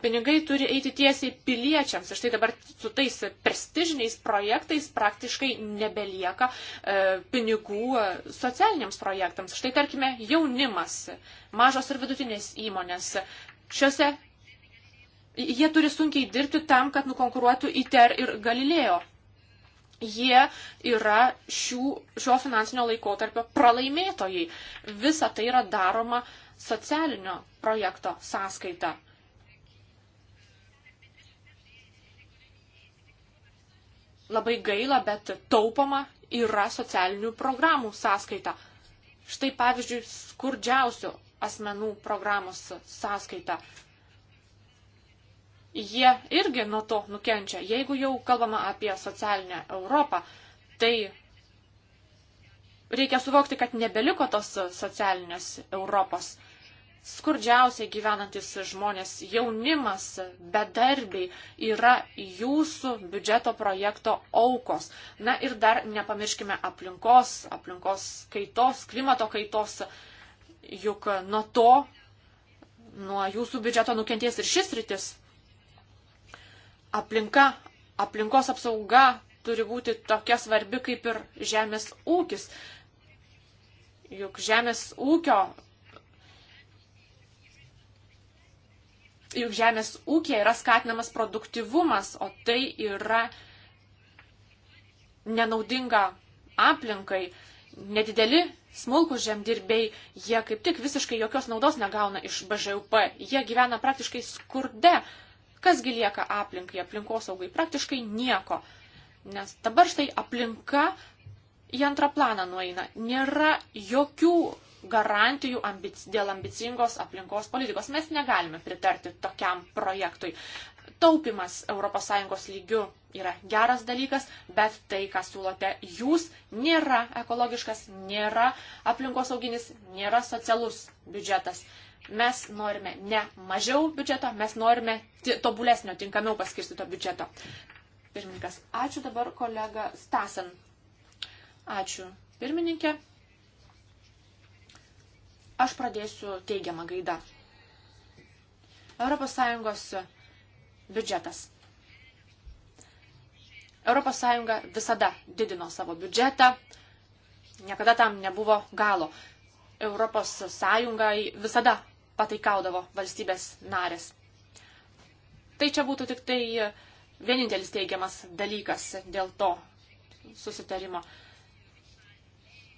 pinigai turi eiti tiesiai piliečiams. Ir štai dabar su tais prestižiniais projektais praktiškai nebelieka e, pinigų e, socialiniams projektams. Štai tarkime jaunimas, mažos ir vidutinės įmonės. Šiuose jie turi sunkiai dirbti tam, kad nukonkuruotų ITER ir Galilėjo. Jie yra šių, šio finansinio laikotarpio pralaimėtojai. Visa tai yra daroma socialinio projekto sąskaita. Labai gaila, bet taupoma yra socialinių programų sąskaita. Štai pavyzdžiui, skurdžiausių asmenų programos sąskaita jie irgi nuo to nukenčia. Jeigu jau kalbama apie socialinę Europą, tai reikia suvokti, kad nebeliko tos socialinės Europos. Skurdžiausiai gyvenantis žmonės, jaunimas, bedarbiai yra jūsų biudžeto projekto aukos. Na ir dar nepamirškime aplinkos, aplinkos kaitos, klimato kaitos, juk nuo to, nuo jūsų biudžeto nukenties ir šis rytis aplinka, aplinkos apsauga turi būti tokia svarbi kaip ir žemės ūkis. Juk žemės ūkio, juk žemės ūkija yra skatinamas produktivumas, o tai yra nenaudinga aplinkai. Nedideli smulkus žemdirbiai, jie kaip tik visiškai jokios naudos negauna iš BŽUP. Jie gyvena praktiškai skurde Kasgi lieka aplinkai, aplinkosaugai? Praktiškai nieko. Nes dabar štai aplinka į antrą planą nueina. Nėra jokių garantijų ambic dėl ambicingos aplinkos politikos. Mes negalime pritarti tokiam projektui. Taupimas ES lygių yra geras dalykas, bet tai, ką siūlote jūs, nėra ekologiškas, nėra aplinkosauginis, nėra socialus biudžetas. Mes norime ne mažiau biudžeto, mes norime tobulesnio, tinkamiau paskirstyto biudžeto. Pirmininkas, ačiū dabar kolega Stasen. Ačiū pirmininkė. Aš pradėsiu teigiamą gaidą. ES biudžetas. ES visada didino savo biudžetą, niekada tam nebuvo galo. ES visada pataikaudavo valstybės narės. Tai čia būtų tik tai vienintelis teigiamas dalykas dėl to susitarimo.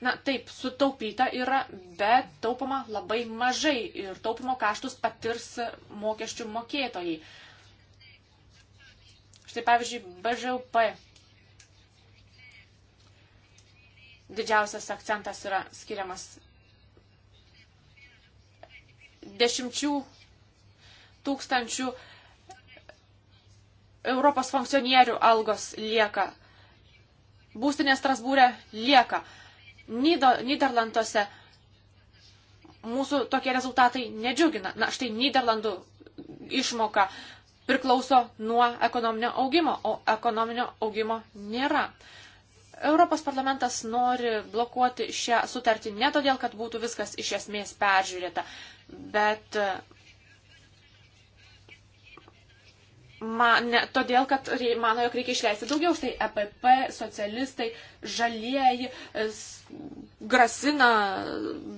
Na taip, sutaupyta yra, bet taupoma labai mažai ir taupimo kaštus patirs mokesčių mokėtojai. Štai pavyzdžiui, BŽUP didžiausias akcentas yra skiriamas dešimčių tūkstančių Europos funkcionierių algos lieka. Būstinė Strasbūrė lieka. Nido, Niderlanduose mūsų tokie rezultatai nedžiugina. Na, štai Niderlandų išmoka priklauso nuo ekonominio augimo, o ekonominio augimo nėra. Europos parlamentas nori blokuoti šią sutartį ne todėl, kad būtų viskas iš esmės peržiūrėta bet man, ne, todėl, kad mano, jog reikia išleisti daugiau, štai EPP, socialistai, žalieji grasina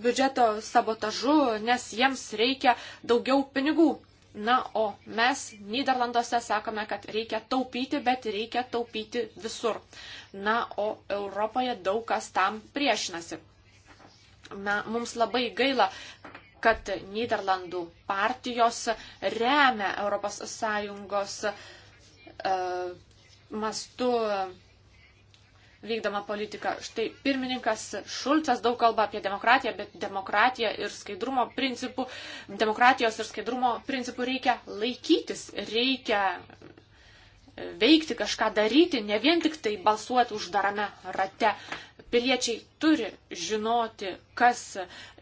biudžeto sabotažu, nes jiems reikia daugiau pinigų. Na, o mes Niderlanduose sakome, kad reikia taupyti, bet reikia taupyti visur. Na, o Europoje daug kas tam priešinasi. Na, mums labai gaila, kad Niderlandų partijos remia ES e, mastu vykdoma politika. Štai pirmininkas Šulcas daug kalba apie demokratiją, bet demokratiją ir skaidrumo principų, demokratijos ir skaidrumo principų reikia laikytis, reikia veikti, kažką daryti, ne vien tik tai balsuoti uždarame rate. Piliečiai turi žinoti, kas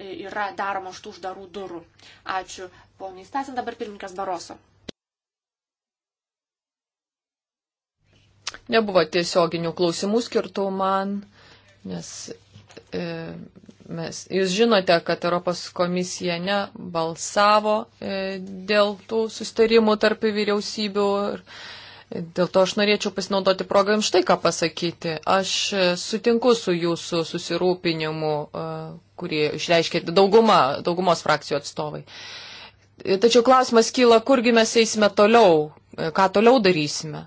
yra daroma už tų uždarų durų. Ačiū, poniai Stasin, dabar pirmininkas Baroso. Nebuvo tiesioginių klausimų skirtų man, nes e, mes, jūs žinote, kad Europos komisija nebalsavo e, dėl tų sustarimų tarp vyriausybių. Ir, Dėl to aš norėčiau pasinaudoti progą jums štai ką pasakyti. Aš sutinku su jūsų susirūpinimu, e, kurį išreiškė dauguma, daugumos frakcijų atstovai. E, tačiau klausimas kyla, kurgi mes eisime toliau, e, ką toliau darysime.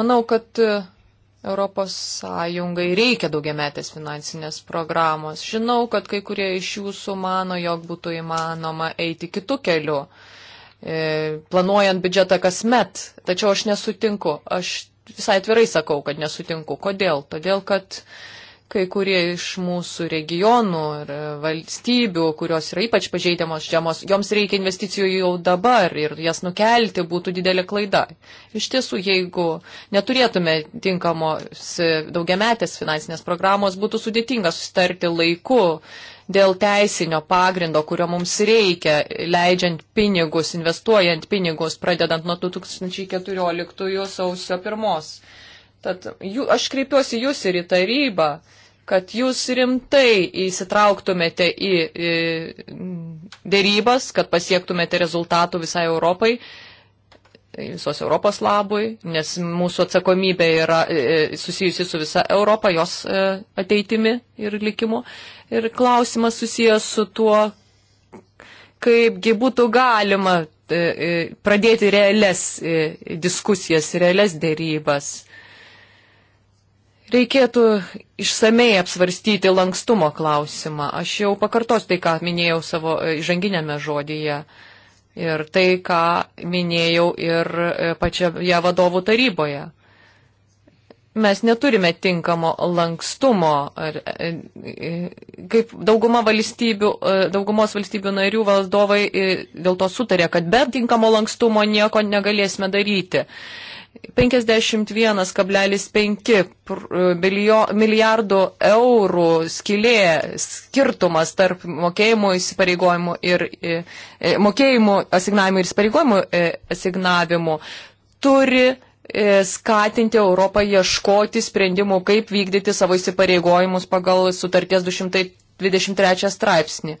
Manau, kad Europos Sąjungai reikia daugiametės finansinės programos. Žinau, kad kai kurie iš jūsų mano, jog būtų įmanoma eiti kitų kelių. E, planuojant biudžetą kasmet. Tačiau aš nesutinku. Aš visai atvirai sakau, kad nesutinku. Kodėl? Todėl, kad kai kurie iš mūsų regionų ir valstybių, kurios yra ypač pažeidžiamos žemos, joms reikia investicijų jau dabar ir jas nukelti būtų didelė klaida. Iš tiesų, jeigu neturėtume tinkamos daugiametės finansinės programos, būtų sudėtinga sustarti laiku dėl teisinio pagrindo, kurio mums reikia, leidžiant pinigus, investuojant pinigus, pradedant nuo 2014 sausio 1. Tad jų, aš kreipiuosi jūs ir į tarybą, kad jūs rimtai įsitrauktumėte į, į dėrybas, kad pasiektumėte rezultatų visai Europai Tai visos Europos labui, nes mūsų atsakomybė yra e, e, susijusi su visa Europa, jos e, ateitimi ir likimu. Ir klausimas susijęs su tuo, kaipgi būtų galima pradėti realias diskusijas, realias dėrybas. Reikėtų išsamei apsvarstyti lankstumo klausimą. Aš jau pakartos tai, ką minėjau savo įžanginėme žodyje. Uh, Ir tai, ką minėjau ir e, pačioje vadovų taryboje. Mes neturime tinkamo lankstumo, e, e, kaip dauguma valstybių, daugumos valstybių narių valdovai dėl to sutarė, kad be tinkamo lankstumo nieko negalėsime daryti. 51,5 milijardų eurų skilė skirtumas tarp mokėjimų įsipareigojimų ir e, e, mokėjimų asignavimų ir įsipareigojimų e, asignavimų turi skatinti Europą ieškoti sprendimų, kaip vykdyti savo įsipareigojimus pagal sutarties 223 straipsnį.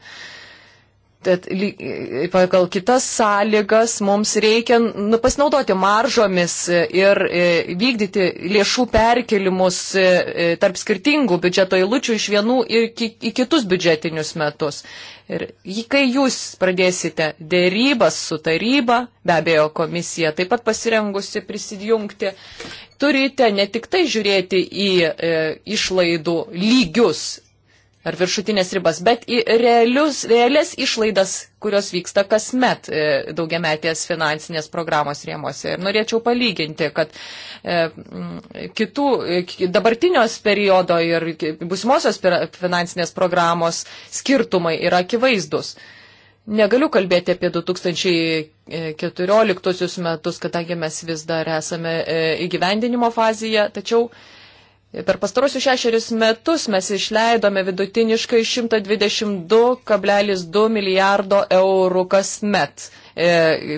Tad e, pagal kitas sąlygas mums reikia nu, pasinaudoti maržomis ir e, vykdyti lėšų perkelimus e, tarp skirtingų biudžeto eilučių iš vienų ir į kitus biudžetinius metus. Ir kai jūs pradėsite dėrybas su taryba, be abejo komisija taip pat pasirengusi prisijungti, turite ne tik tai žiūrėti į išlaidų lygius ar viršutinės ribas, bet į realius, realias išlaidas, kurios vyksta kasmet e, daugiametės finansinės programos rėmose. Ir norėčiau palyginti, kad e, kitų, e, dabartinios periodo ir busimosios finansinės programos skirtumai yra akivaizdus. Negaliu kalbėti apie 2014 metus, kadangi mes vis dar esame įgyvendinimo fazėje, tačiau Per pastarosius šešerius metus mes išleidome vidutiniškai 122,2 milijardo eurų kasmet. E,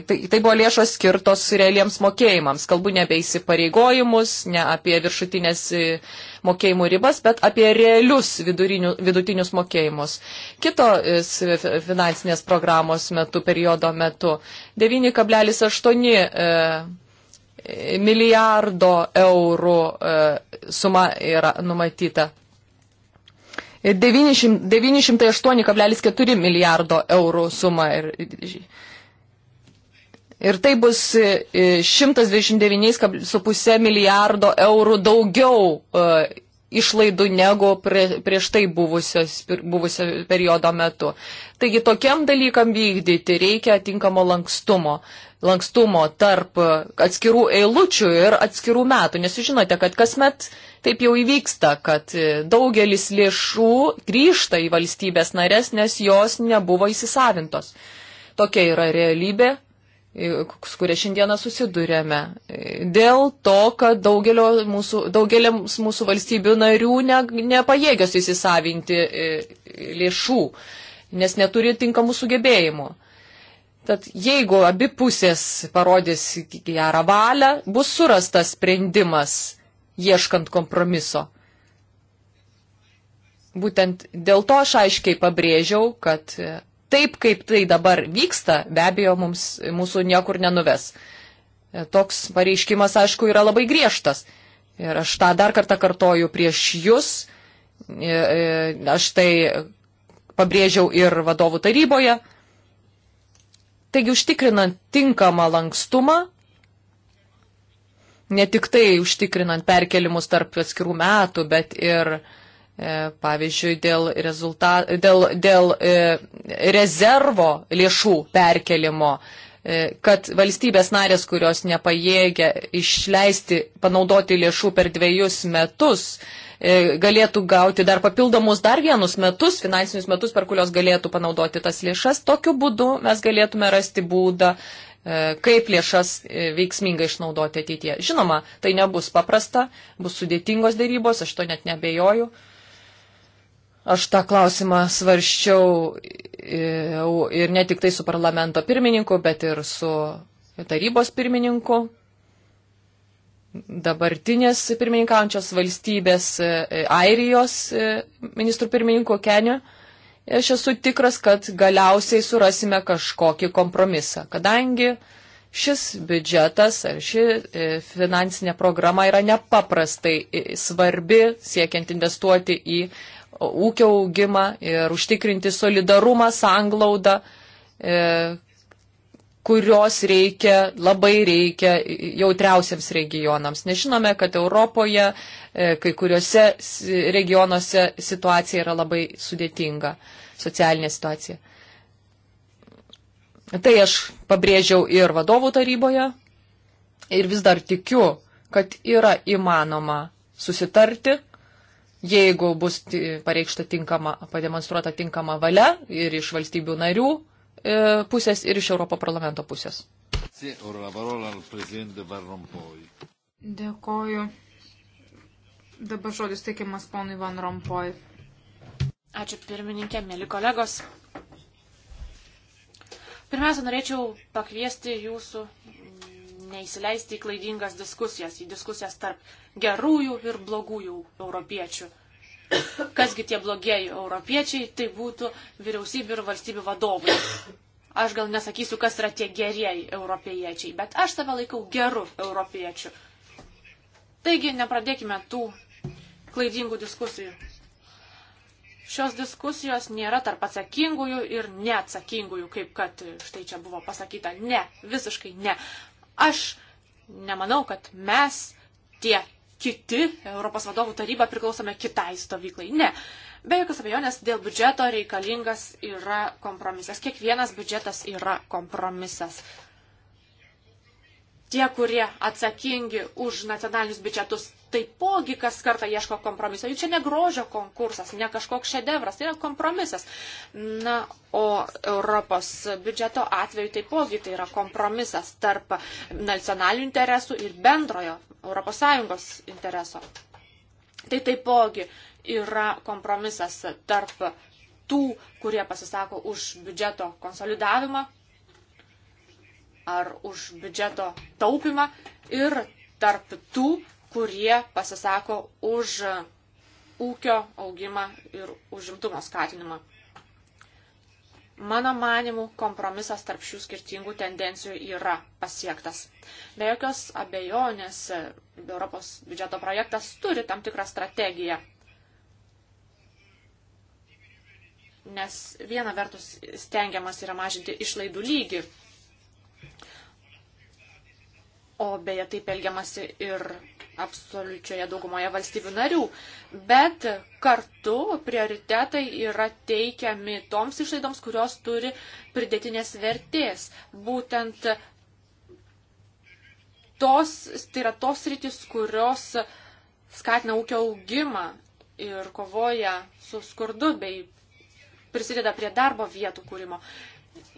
tai, tai buvo lėšos skirtos realiems mokėjimams. Kalbu ne apie įsipareigojimus, ne apie viršutinės e, mokėjimų ribas, bet apie realius vidutinius mokėjimus. Kitos e, finansinės programos metu, periodo metu 9,8 e, milijardo eurų e, suma yra numatyta. Ir 908,4 milijardo eurų suma. Ir, ir tai bus 129,5 e, e, milijardo eurų daugiau išlaidų negu prie, prieš tai buvusios, buvusio periodo metu. Taigi tokiam dalykam vykdyti reikia tinkamo lankstumo. Uh, lankstumo tarp atskirų eilučių ir atskirų metų, nes jūs žinote, kad kasmet taip jau įvyksta, kad daugelis lėšų grįžta į valstybės narės, nes jos nebuvo įsisavintos. Tokia yra realybė, su kuria šiandieną susidurėme. Dėl to, kad mūsų, daugelis mūsų valstybių narių ne, nepajėgios įsisavinti lėšų, nes neturi tinkamų sugebėjimų. Tad jeigu abi pusės parodys gerą valią, bus surastas sprendimas ieškant kompromiso. Būtent dėl to aš aiškiai pabrėžiau, kad taip kaip tai dabar vyksta, be abejo, mums, mūsų niekur nenuves. Toks pareiškimas, aišku, yra labai griežtas. Ir aš tą dar kartą kartoju prieš jūs. E, e, aš tai pabrėžiau ir vadovų taryboje Taigi užtikrinant tinkamą lankstumą, ne tik tai užtikrinant perkelimus tarp atskirų metų, bet ir e, pavyzdžiui, dėl, rezultat, dėl, dėl e, rezervo lėšų perkelimo, e, kad valstybės narės, kurios nepajėgia išleisti, panaudoti lėšų per dviejus metus, E, galėtų gauti dar papildomus dar vienus metus, finansinius metus, per kuriuos galėtų panaudoti tas lėšas. Tokiu būdu mes galėtume rasti būdą, e, kaip lėšas e, veiksmingai išnaudoti ateitie. Žinoma, tai nebus paprasta, bus sudėtingos dėrybos, aš to net nebejoju. Aš tą klausimą svarščiau ir ne tik tai su parlamento pirmininku, bet ir su tarybos pirmininku dabartinės pirmininkaujančios valstybės e, e, Airijos e, ministrų pirmininko Kenio, aš esu tikras, kad galiausiai surasime kažkokį kompromisą, kadangi šis biudžetas ar ši finansinė programa yra nepaprastai svarbi siekiant investuoti į ūkio augimą ir užtikrinti solidarumą, sanglaudą, kurios reikia, labai reikia jautriausiams regionams. Nežinome, kad Europoje e, kai kuriuose regionuose situacija yra labai sudėtinga, socialinė situacija. Tai aš pabrėžiau ir vadovų taryboje ir vis dar tikiu, kad yra įmanoma susitarti, jeigu bus pareikšta tinkama, pademonstruota tinkama valia ir iš valstybių narių E, pusės ir iš Europo parlamento pusės. Dėkoju. Dabar žodis teikiamas ponui Van Rompoj. Ačiū pirmininkė, mėly kolegos. Pirmiausia, norėčiau pakviesti jūsų mm, neįsileisti į klaidingas diskusijas, į diskusijas tarp gerųjų ir blogųjų europiečių kasgi tie blogieji europiečiai, tai būtų vyriausybių ir valstybių vadovai. Aš gal nesakysiu, kas yra tie gerieji europiečiai, bet aš save laikau geru europiečiu. Taigi nepradėkime tų klaidingų diskusijų. Šios diskusijos nėra tarp atsakingųjų ir neatsakingųjų, kaip kad štai čia buvo pasakyta. Ne, visiškai ne. Aš nemanau, kad mes tie kiti, Europos vadovų taryba, priklausome kitai stovyklai. Ne. Be jokios abejonės, dėl biudžeto reikalingas yra kompromisas. Kiekvienas biudžetas yra kompromisas tie, kurie atsakingi už nacionalinius biudžetus, taipogi kas kartą ieško kompromiso. Juk čia ne grožio konkursas, ne kažkoks šedevras, tai yra kompromisas. Na, o Europos biudžeto atveju taipogi tai yra kompromisas tarp nacionalinių interesų ir bendrojo ES intereso. Tai taipogi yra kompromisas tarp tų, kurie pasisako už biudžeto konsolidavimą, ar už biudžeto taupimą ir tarp tų, kurie pasisako už ūkio augimą ir užimtumo skatinimą. Mano manimų kompromisas tarp šių skirtingų tendencijų yra pasiektas. Be jokios abejonės Europos biudžeto projektas turi tam tikrą strategiją. Nes viena vertus stengiamas yra mažinti išlaidų lygį, O beje, taip elgiamasi ir absoliučioje daugumoje valstybių narių. Bet kartu prioritetai yra teikiami toms išlaidoms, kurios turi pridėtinės vertės. Būtent tos, tai yra tos rytis, kurios skatina ūkio augimą ir kovoja su skurdu bei prisideda prie darbo vietų kūrimo.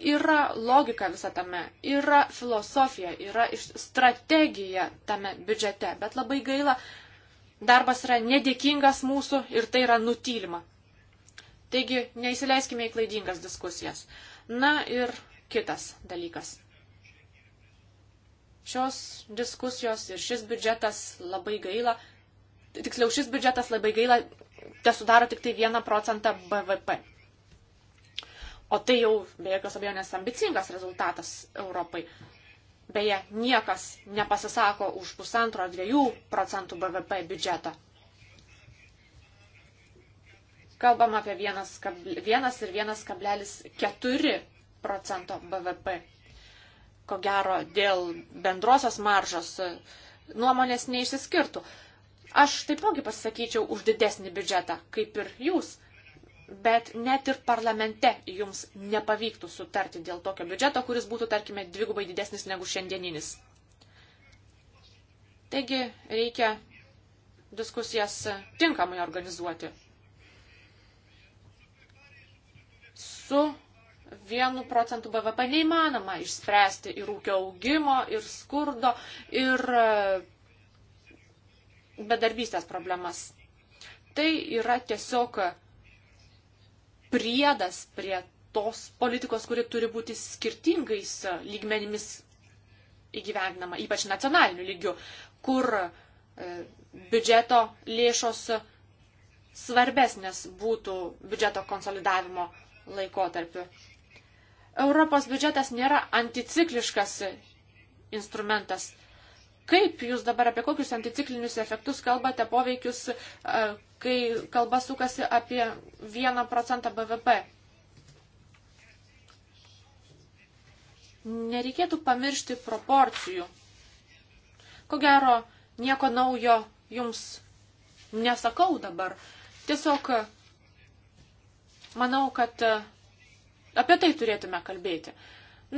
Yra logika visą tame, yra filosofija, yra strategija tame biudžete, bet labai gaila, darbas yra nedėkingas mūsų ir tai yra nutylima. Taigi, neįsileiskime į klaidingas diskusijas. Na ir kitas dalykas. Šios diskusijos ir šis biudžetas labai gaila, tiksliau šis biudžetas labai gaila, te sudaro tik tai 1 procentą BVP. O tai jau be jokios abejonės ambicingas rezultatas Europai. Beje, niekas nepasisako už pusantro ar dviejų procentų BVP biudžeto. Kalbam apie 1 ir 1,4 procento BVP. Ko gero, dėl bendrosios maržos e, nuomonės neišsiskirtų. Aš taipogi pasisakyčiau už didesnį biudžetą, kaip ir jūs bet net ir parlamente jums nepavyktų sutarti dėl tokio biudžeto, kuris būtų, tarkime, dvigubai didesnis negu šiandieninis. Taigi reikia diskusijas tinkamai organizuoti. Su vienu procentu BVP neįmanoma išspręsti ir ūkio augimo, ir skurdo, ir e, bedarbystės problemas. Tai yra tiesiog priedas prie tos politikos, kuri turi būti skirtingais e, lygmenimis įgyvendinama, ypač nacionaliniu lygiu, kur e, biudžeto lėšos svarbesnės būtų biudžeto konsolidavimo laikotarpiu. Europos biudžetas nėra anticikliškas instrumentas. Kaip jūs dabar apie kokius anticiklinius efektus kalbate, poveikius, kai kalba sukasi apie 1 procentą BVP? Nereikėtų pamiršti proporcijų. Ko gero, nieko naujo jums nesakau dabar. Tiesiog manau, kad apie tai turėtume kalbėti.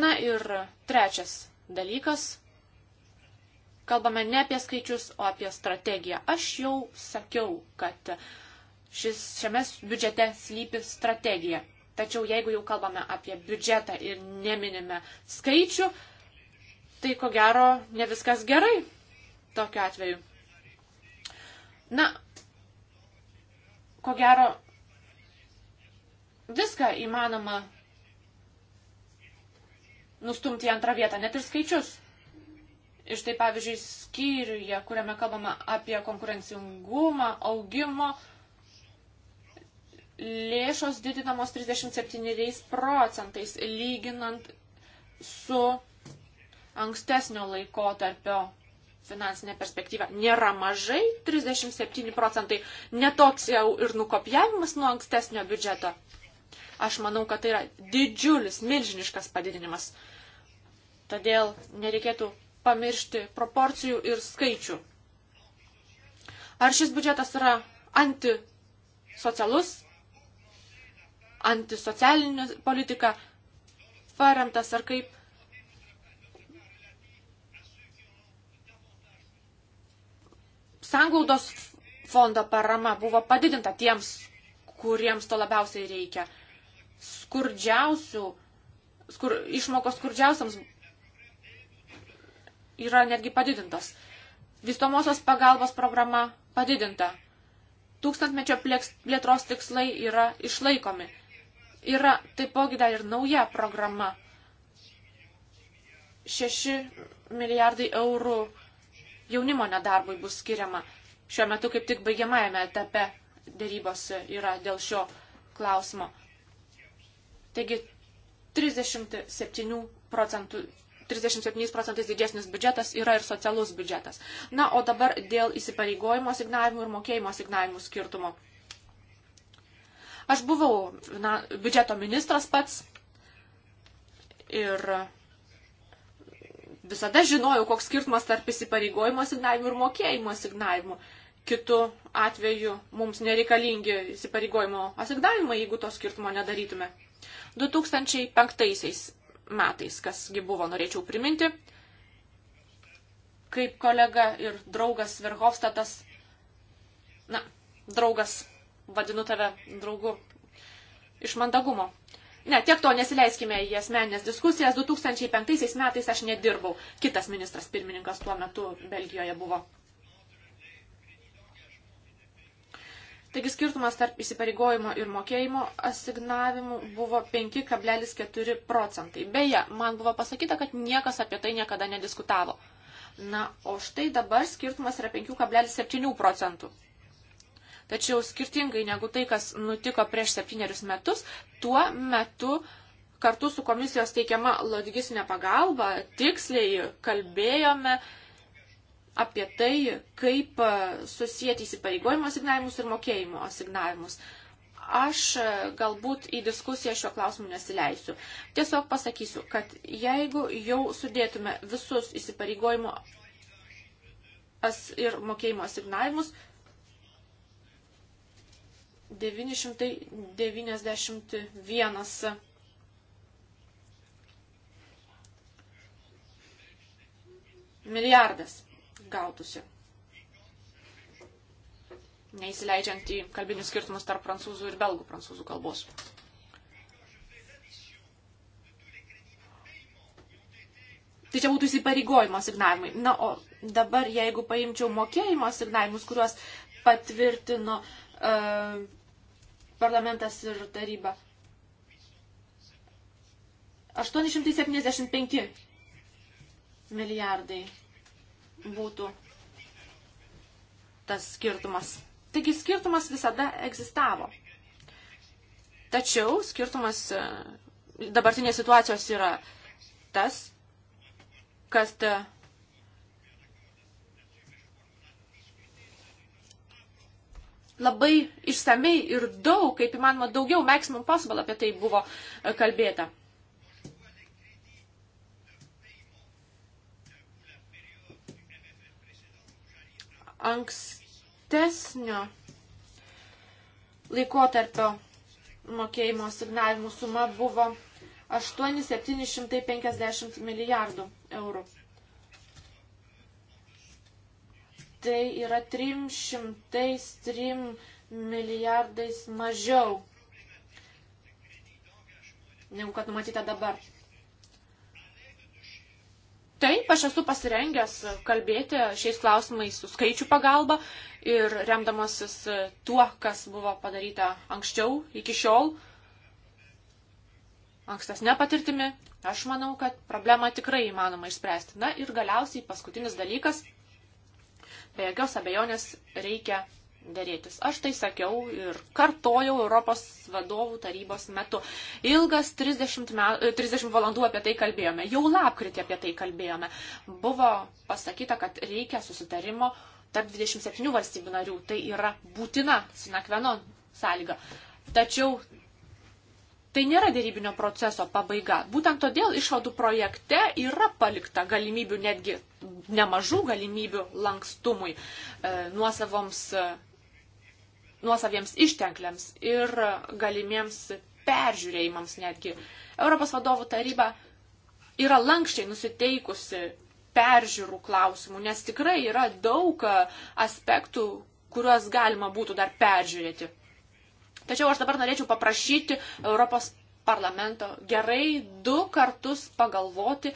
Na ir trečias dalykas kalbame ne apie skaičius, o apie strategiją. Aš jau sakiau, kad šis, šiame biudžete slypi strategija. Tačiau jeigu jau kalbame apie biudžetą ir neminime skaičių, tai ko gero ne viskas gerai tokiu atveju. Na, ko gero, viską įmanoma nustumti į antrą vietą, net ir skaičius. Ir štai pavyzdžiui, skyriuje, kuriame kalbama apie konkurencingumą, augimo, lėšos didinamos 37 procentais, lyginant su ankstesnio laikotarpio finansinė perspektyva. Nėra mažai, 37 procentai, netoks jau ir nukopijavimas nuo ankstesnio biudžeto. Aš manau, kad tai yra didžiulis, milžiniškas padidinimas. Todėl nereikėtų pamiršti proporcijų ir skaičių. Ar šis biudžetas yra antisocialus, antisocialinė politika, paremtas ar kaip? Sangaudos fondo parama buvo padidinta tiems, kuriems to labiausiai reikia. Skurdžiausių, skur, išmokos skurdžiausiams yra netgi padidintas. Vystomosios pagalbos programa padidinta. Tūkstantmečio plėtros tikslai yra išlaikomi. Yra taipogi dar ir nauja programa. 6 milijardai eurų jaunimo nedarbui bus skiriama. Šiuo metu kaip tik baigiamajame etape dėrybos yra dėl šio klausimo. Taigi 37 procentų 37 procentais didesnis biudžetas yra ir socialus biudžetas. Na, o dabar dėl įsipareigojimo signavimų ir mokėjimo signavimų skirtumo. Aš buvau na, biudžeto ministras pats ir visada žinojau, koks skirtumas tarp įsipareigojimo signavimų ir mokėjimo signavimų. Kitu atveju mums nereikalingi įsipareigojimo asignavimai, jeigu to skirtumo nedarytume. 2005 metais. Kasgi buvo, norėčiau priminti, kaip kolega ir draugas Verhofstadtas, na, draugas, vadinu tave draugu iš mandagumo. Ne, tiek to nesileiskime į asmeninės diskusijas. 2005 metais aš nedirbau. Kitas ministras pirmininkas tuo metu Belgijoje buvo Taigi skirtumas tarp įsipareigojimo ir mokėjimo asignavimų buvo 5,4 procentai. Beje, man buvo pasakyta, kad niekas apie tai niekada nediskutavo. Na, o štai dabar skirtumas yra 5,7 procentų. Tačiau skirtingai negu tai, kas nutiko prieš septynerius metus, tuo metu kartu su komisijos teikiama logistinė pagalba tiksliai kalbėjome apie tai, kaip e, susijęti įsipareigojimo asignavimus ir mokėjimo asignavimus. Aš e, galbūt į diskusiją šiuo klausimu nesileisiu. Tiesiog pasakysiu, kad jeigu jau sudėtume visus įsipareigojimo ir mokėjimo asignavimus, 991 milijardas gautųsi. Neįsileidžiant į kalbinius skirtumus tarp prancūzų ir belgų prancūzų kalbos. Tai čia būtų įsipareigojimo signavimai. Na, o dabar jeigu paimčiau mokėjimo signavimus, kuriuos patvirtino uh, parlamentas ir taryba. 875 milijardai būtų tas skirtumas. Taigi skirtumas visada egzistavo. Tačiau skirtumas e, dabartinės situacijos yra tas, kad e, labai išsamei ir daug, kaip įmanoma, daugiau maximum possible apie tai buvo e, kalbėta. ankstesnio laikotarpio mokėjimo signavimų suma buvo 8,750 milijardų eurų. Tai yra 303 milijardais mažiau negu kad numatyta dabar. Taip, aš esu pasirengęs kalbėti šiais klausimais su skaičių pagalba ir remdamasis tuo, kas buvo padaryta anksčiau, iki šiol, ankstesnė patirtimi, aš manau, kad problemą tikrai įmanoma išspręsti. Na ir galiausiai paskutinis dalykas, be jokios abejonės reikia dėrėtis. Aš tai sakiau ir kartojau Europos vadovų tarybos metu. Ilgas 30, me, 30 e, valandų apie tai kalbėjome. Jau lapkritį apie tai kalbėjome. Buvo pasakyta, kad reikia susitarimo tarp 27 valstybių narių. Tai yra būtina sinakvenon sąlyga. Tačiau tai nėra dėrybinio proceso pabaiga. Būtent todėl išvadų projekte yra palikta galimybių, netgi nemažų galimybių lankstumui e, nuosavoms e, nuosaviems ištekliams ir galimiems peržiūrėjimams netgi. Europos vadovų taryba yra lankščiai nusiteikusi peržiūrų klausimų, nes tikrai yra daug aspektų, kuriuos galima būtų dar peržiūrėti. Tačiau aš dabar norėčiau paprašyti Europos parlamento gerai du kartus pagalvoti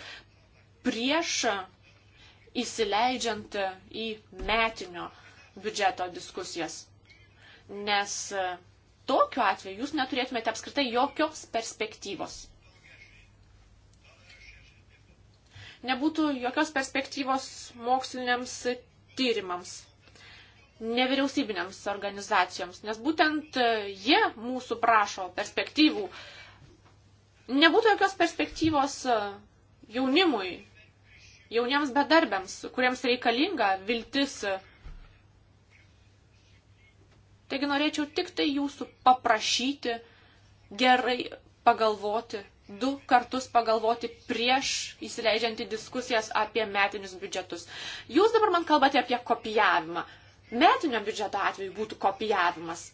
prieš įsileidžiant į metinio biudžeto diskusijas nes e, tokiu atveju jūs neturėtumėte apskritai jokios perspektyvos. Nebūtų jokios perspektyvos moksliniams tyrimams, nevyriausybinėms organizacijoms, nes būtent e, jie mūsų prašo perspektyvų. Nebūtų jokios perspektyvos e, jaunimui, jauniems bedarbiams, kuriems reikalinga viltis Taigi norėčiau tik tai jūsų paprašyti gerai pagalvoti, du kartus pagalvoti prieš įsileidžiant į diskusijas apie metinius biudžetus. Jūs dabar man kalbate apie kopijavimą. Metinio biudžeto atveju būtų kopijavimas.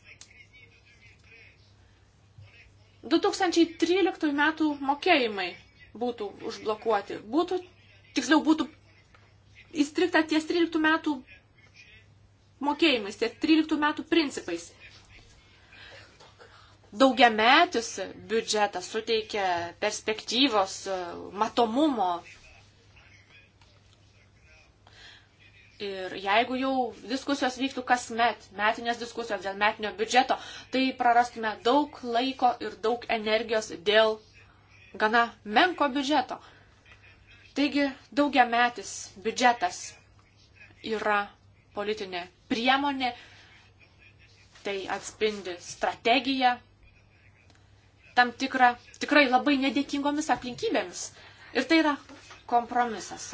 2013 metų mokėjimai būtų užblokuoti. Būtų, tiksliau, būtų įstrikta ties 13 metų mokėjimais, tiek 13 metų principais. Daugiametis biudžetas suteikia perspektyvos, matomumo. Ir jeigu jau diskusijos vyktų kasmet, metinės diskusijos dėl metinio biudžeto, tai prarastume daug laiko ir daug energijos dėl gana menko biudžeto. Taigi daugiametis biudžetas yra politinė priemonė, tai atspindi strategiją, tam tikrą, tikrai labai nedėkingomis aplinkybėmis. Ir tai yra kompromisas.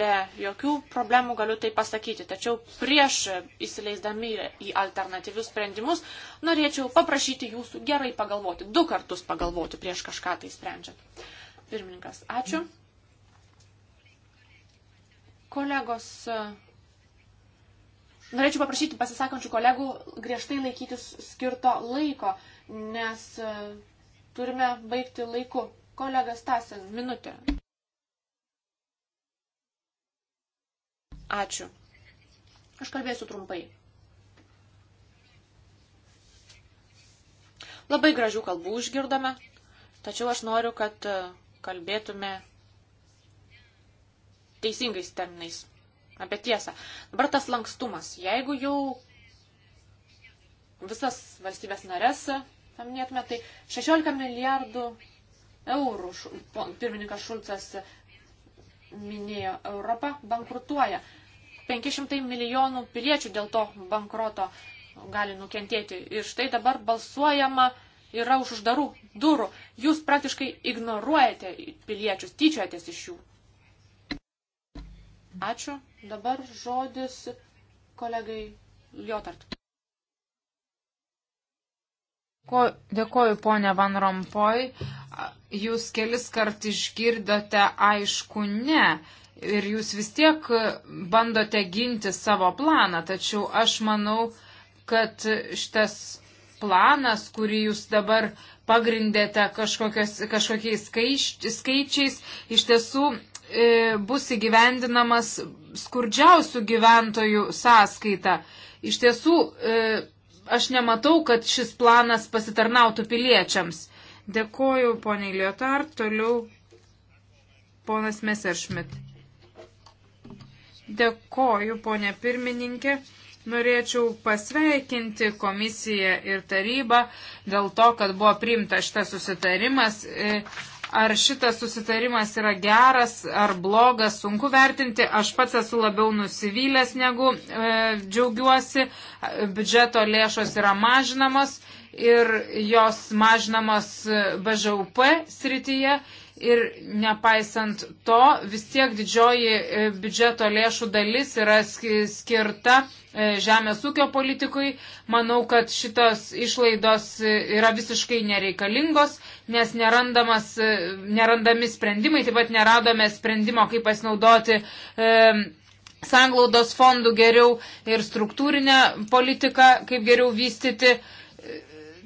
Be jokių problemų galiu tai pasakyti, tačiau prieš įsileisdami į alternatyvius sprendimus norėčiau paprašyti jūsų gerai pagalvoti, du kartus pagalvoti prieš kažką tai sprendžiant. Pirmininkas, ačiū. Kolegos Norėčiau paprašyti pasisakančių kolegų griežtai laikytis skirto laiko, nes e, turime baigti laiku. Kolega Stasin, minutė. Ačiū. Aš kalbėsiu trumpai. Labai gražių kalbų išgirdome, tačiau aš noriu, kad e, kalbėtume teisingais terminais apie tiesą. Dabar tas lankstumas. Jeigu jau visas valstybės narės paminėtume, tai 16 milijardų eurų, pirmininkas Šulcas minėjo, Europa bankrutuoja. 500 milijonų piliečių dėl to bankroto gali nukentėti. Ir štai dabar balsuojama yra už uždarų durų. Jūs praktiškai ignoruojate piliečius, tyčiojatės iš jų. Ačiū. Dabar žodis kolegai Liotart. Ko, dėkoju, ponė Van Rompoj. Jūs kelis kart išgirdote aišku ne. Ir jūs vis tiek bandote ginti savo planą. Tačiau aš manau, kad šitas planas, kurį jūs dabar pagrindėte kažkokiais skaič, skaičiais, iš tiesų E, bus įgyvendinamas skurdžiausių gyventojų sąskaita. Iš tiesų, e, aš nematau, kad šis planas pasitarnautų piliečiams. Dėkoju, poniai Liotar, toliau ponas Messerschmidt. Dėkoju, ponė pirmininkė. Norėčiau pasveikinti komisiją ir tarybą dėl to, kad buvo priimta šitas susitarimas. E, Ar šitas susitarimas yra geras ar blogas, sunku vertinti. Aš pats esu labiau nusivylęs negu e, džiaugiuosi. Biudžeto lėšos yra mažinamos ir jos mažinamos e, BŽUP srityje. Ir nepaisant to, vis tiek didžioji e, biudžeto lėšų dalis yra skirta E, žemės ūkio politikui. Manau, kad šitos išlaidos e, yra visiškai nereikalingos, nes e, nerandami sprendimai, taip pat neradome sprendimo, kaip pasinaudoti. E, Sanglaudos fondų geriau ir struktūrinę politiką, kaip geriau vystyti. E,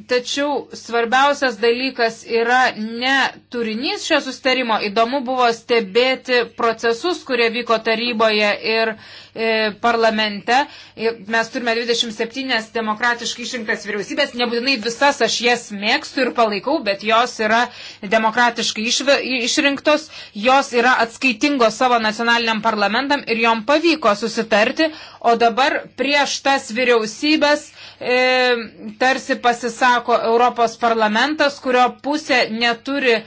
Tačiau svarbiausias dalykas yra ne turinys šio sustarimo. Įdomu buvo stebėti procesus, kurie vyko taryboje ir e, parlamente. Mes turime 27 demokratiškai išrinktas vyriausybės. Nebūtinai visas aš jas mėgstu ir palaikau, bet jos yra demokratiškai išve, išrinktos. Jos yra atskaitingos savo nacionaliniam parlamentam ir jom pavyko susitarti. O dabar prieš tas vyriausybės e, tarsi pasisako Europos parlamentas, kurio pusė neturi e,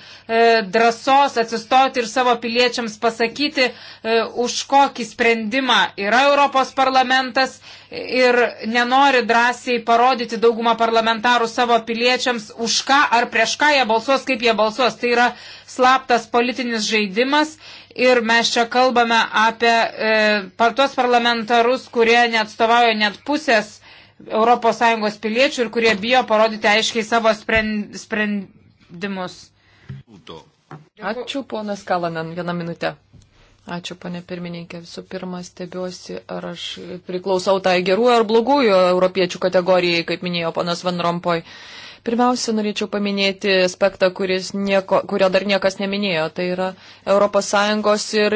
drąsos atsistoti ir savo piliečiams pasakyti, e, už kokį sprendimą yra Europos parlamentas ir nenori drąsiai parodyti daugumą parlamentarų savo piliečiams, už ką ar prieš ką jie balsuos, kaip jie balsuos. Tai yra slaptas politinis žaidimas ir mes čia kalbame apie e, par tuos parlamentarus, kurie neatstovauja net pusės ES piliečių ir kurie bijo parodyti aiškiai savo sprendimus. Ačiū, ponas Kalanan, vieną minutę. Ačiū, ponė pirmininkė. Visų pirma, stebiuosi, ar aš priklausau tai gerųjų ar blogųjų europiečių kategorijai, kaip minėjo ponas Van Rompoj. Uh, Pirmiausia, norėčiau paminėti aspektą, nieko, kurio dar niekas neminėjo. Tai yra ES ir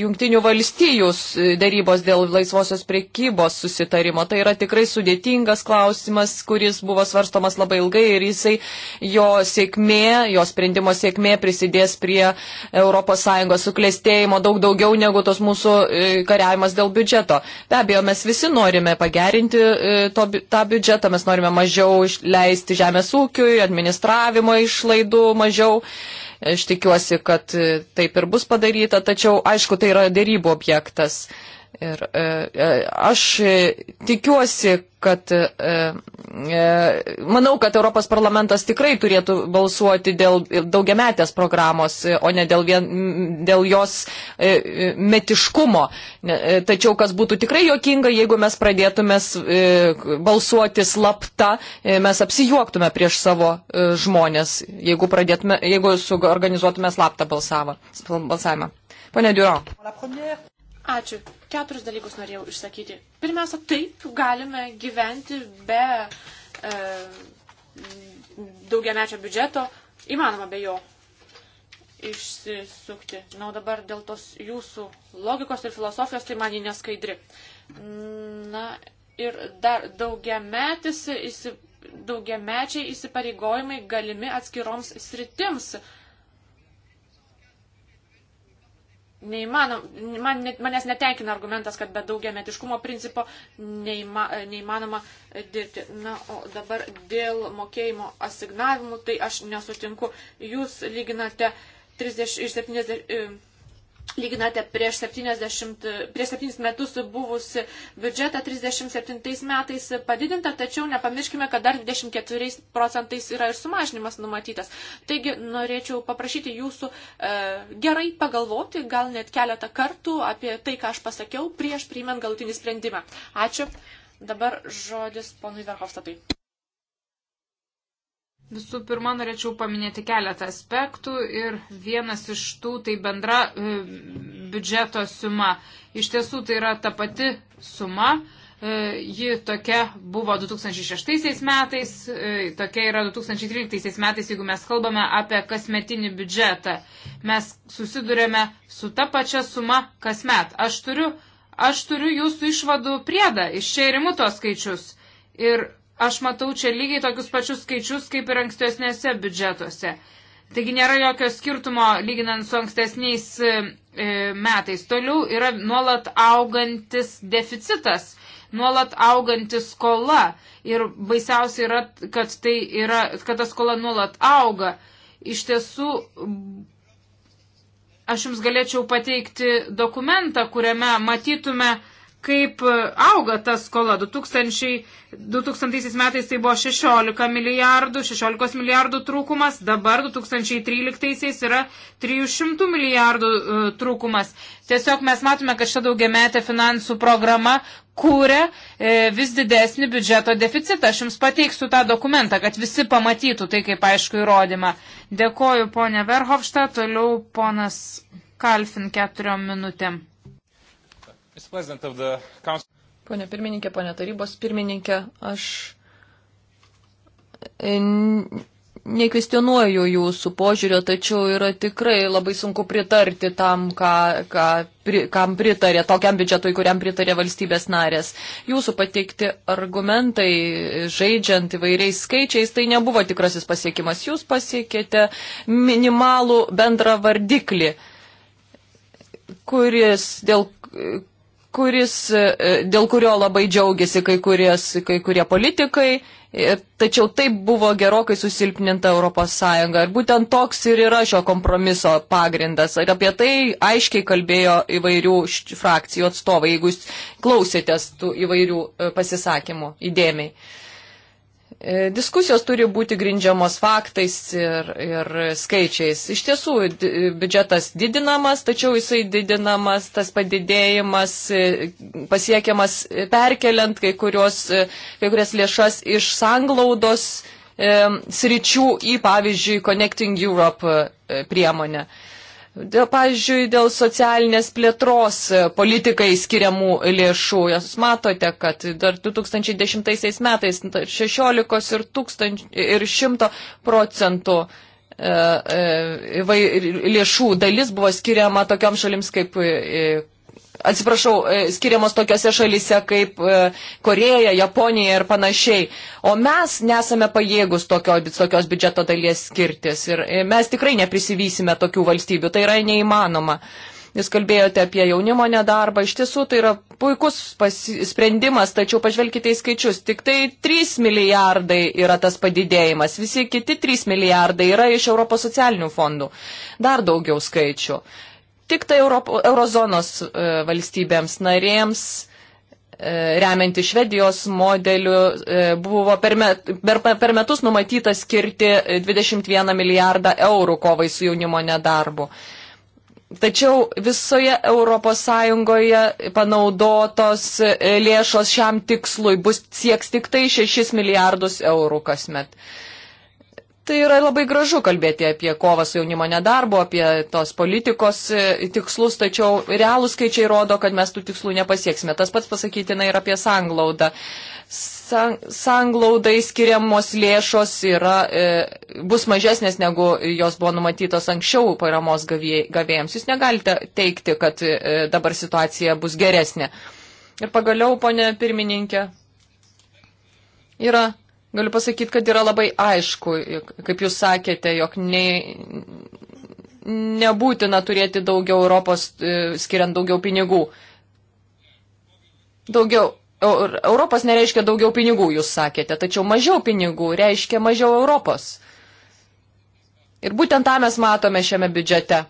jungtinių valstijų darybos dėl laisvosios priekybos susitarimo. Tai yra tikrai sudėtingas klausimas, kuris buvo svarstomas labai ilgai ir jisai, jo sėkmė, jo sprendimo sėkmė prisidės prie ES suklėstėjimo daug daugiau negu tos mūsų e, kariavimas dėl biudžeto. Be abejo, mes visi norime pagerinti e, to, tą biudžetą, mes norime mažiau leisti žemės žemės ūkiui, administravimo išlaidų mažiau. Aš tikiuosi, kad taip ir bus padaryta, tačiau aišku, tai yra dėrybų objektas. Ir e, e, aš tikiuosi, kad e, e, manau, kad Europos parlamentas tikrai turėtų balsuoti dėl daugiametės programos, o ne dėl, vien, dėl jos e, e metiškumo. Tačiau kas būtų tikrai jokinga, jeigu mes pradėtume e, balsuoti slapta, e, mes apsijuoktume prieš savo e, žmonės, jeigu, jeigu organizuotume slaptą balsavą, balsavimą. Pone Diuro. Ačiū. Keturis dalykus norėjau išsakyti. Pirmiausia, taip galime gyventi be e, daugiamečio biudžeto. Įmanoma be jo išsisukti. Na, o dabar dėl tos jūsų logikos ir filosofijos, tai man ji neskaidri. Na, ir dar daugiametis, daugiamečiai įsipareigojimai galimi atskiroms sritims Neįmanom, man, manęs netenkina argumentas, kad be daugiametiškumo principo neįma, neįmanoma dirbti. Na, o dabar dėl mokėjimo asignavimų, tai aš nesutinku. Jūs lyginate 30 iš 70 lyginate prieš, 70, prieš 7 metus buvusi biudžetą 37 metais padidinta, tačiau nepamirškime, kad dar 24 procentais yra ir sumažinimas numatytas. Taigi norėčiau paprašyti jūsų e, gerai pagalvoti, gal net keletą kartų apie tai, ką aš pasakiau prieš priimant galutinį sprendimą. Ačiū. Dabar žodis ponui Verhofstadui. Visų pirma, norėčiau paminėti keletą aspektų ir vienas iš tų tai bendra e, biudžeto suma. Iš tiesų tai yra ta pati suma, e, ji tokia buvo 2006 metais, e, tokia yra 2013 metais, jeigu mes kalbame apie kasmetinį biudžetą. Mes susidurėme su ta pačia suma kasmet. Aš turiu, aš turiu jūsų išvadų priedą, iš čia ir imu tos skaičius. Ir aš matau čia lygiai tokius pačius skaičius kaip ir ankstesnėse biudžetuose. Taigi nėra jokio skirtumo lyginant su ankstesniais e, e, metais. Toliau yra nuolat augantis deficitas, nuolat augantis skola ir baisiausia yra, kad, tai yra, kad ta skola nuolat auga. Iš tiesų, aš jums galėčiau pateikti dokumentą, kuriame matytume, kaip e, auga ta skola. 2000, 2000 metais tai buvo 16 milijardų, 16 milijardų trūkumas, dabar 2013 yra 300 milijardų e, trūkumas. Tiesiog mes matome, kad šita daugiametė finansų programa kūrė e, vis didesnį biudžeto deficitą. Aš jums pateiksiu tą dokumentą, kad visi pamatytų tai kaip aišku įrodymą. Dėkoju ponė Verhofštą, toliau ponas Kalfin keturiom minutėm. Pone pirmininkė, pone tarybos pirmininkė, aš e, nekvestionuoju jūsų požiūrio, tačiau yra tikrai labai sunku pritarti tam, ką, ką, pri, kam pritarė, tokiam biudžetui, kuriam pritarė valstybės narės. Jūsų pateikti argumentai, žaidžiant įvairiais skaičiais, tai nebuvo tikrasis pasiekimas. Jūs pasiekėte minimalų bendrą vardiklį, kuris dėl kuris, e, dėl kurio labai džiaugiasi kai, kuries, kai kurie politikai, e, tačiau taip buvo gerokai susilpninta ES. Ir būtent toks ir yra šio kompromiso pagrindas. Ir apie tai aiškiai kalbėjo įvairių frakcijų atstovai, jeigu jūs klausėtės tų įvairių e, pasisakymų įdėmiai. E, diskusijos turi būti grindžiamos faktais ir, ir skaičiais. Iš tiesų, biudžetas didinamas, tačiau jisai didinamas, tas padidėjimas e, pasiekiamas e, perkeliant kai, kurios, kai kurias lėšas iš sanglaudos e, sričių į, pavyzdžiui, Connecting Europe priemonę. E, Dėl, pavyzdžiui, dėl socialinės plėtros e, politikai skiriamų lėšų. Jūs matote, kad dar 2010 metais 16 ir, 1000, ir 100 procentų e, e, lėšų dalis buvo skiriama tokiam šalims kaip atsiprašau, e, skiriamos tokiose šalyse kaip e, Koreja, Japonija ir panašiai. O mes nesame pajėgus tokio, tokios biudžeto dalies skirtis ir e, mes tikrai neprisivysime tokių valstybių, tai yra neįmanoma. Jūs kalbėjote apie jaunimo nedarbą, iš tiesų tai yra puikus sprendimas, tačiau pažvelkite į skaičius, tik tai 3 milijardai yra tas padidėjimas, visi kiti 3 milijardai yra iš Europos socialinių fondų. Dar daugiau skaičių tik tai Europo, eurozonos e, valstybėms narėms e, remianti Švedijos modeliu, e, buvo per, met, per, per metus numatyta skirti 21 milijardą eurų kovai su jaunimo nedarbu. Tačiau visoje ES panaudotos lėšos šiam tikslui bus sieks tik tai 6 milijardus eurų kasmet. Tai yra labai gražu kalbėti apie kovą su jaunimo nedarbo, apie tos politikos e, tikslus, tačiau realūs skaičiai rodo, kad mes tų tikslų nepasieksime. Tas pats pasakytina ir apie sanglaudą. San, sanglaudai skiriamos lėšos yra, e, bus mažesnės, negu jos buvo numatytos anksčiau paramos gavėjams. Jūs negalite teikti, kad e, dabar situacija bus geresnė. Ir pagaliau, ponė pirmininkė, yra Galiu pasakyti, kad yra labai aišku, kaip jūs sakėte, jog ne, nebūtina turėti daugiau Europos, e, skiriant daugiau pinigų. Daugiau. Europos nereiškia daugiau pinigų, jūs sakėte, tačiau mažiau pinigų reiškia mažiau Europos. Ir būtent tą mes matome šiame biudžete.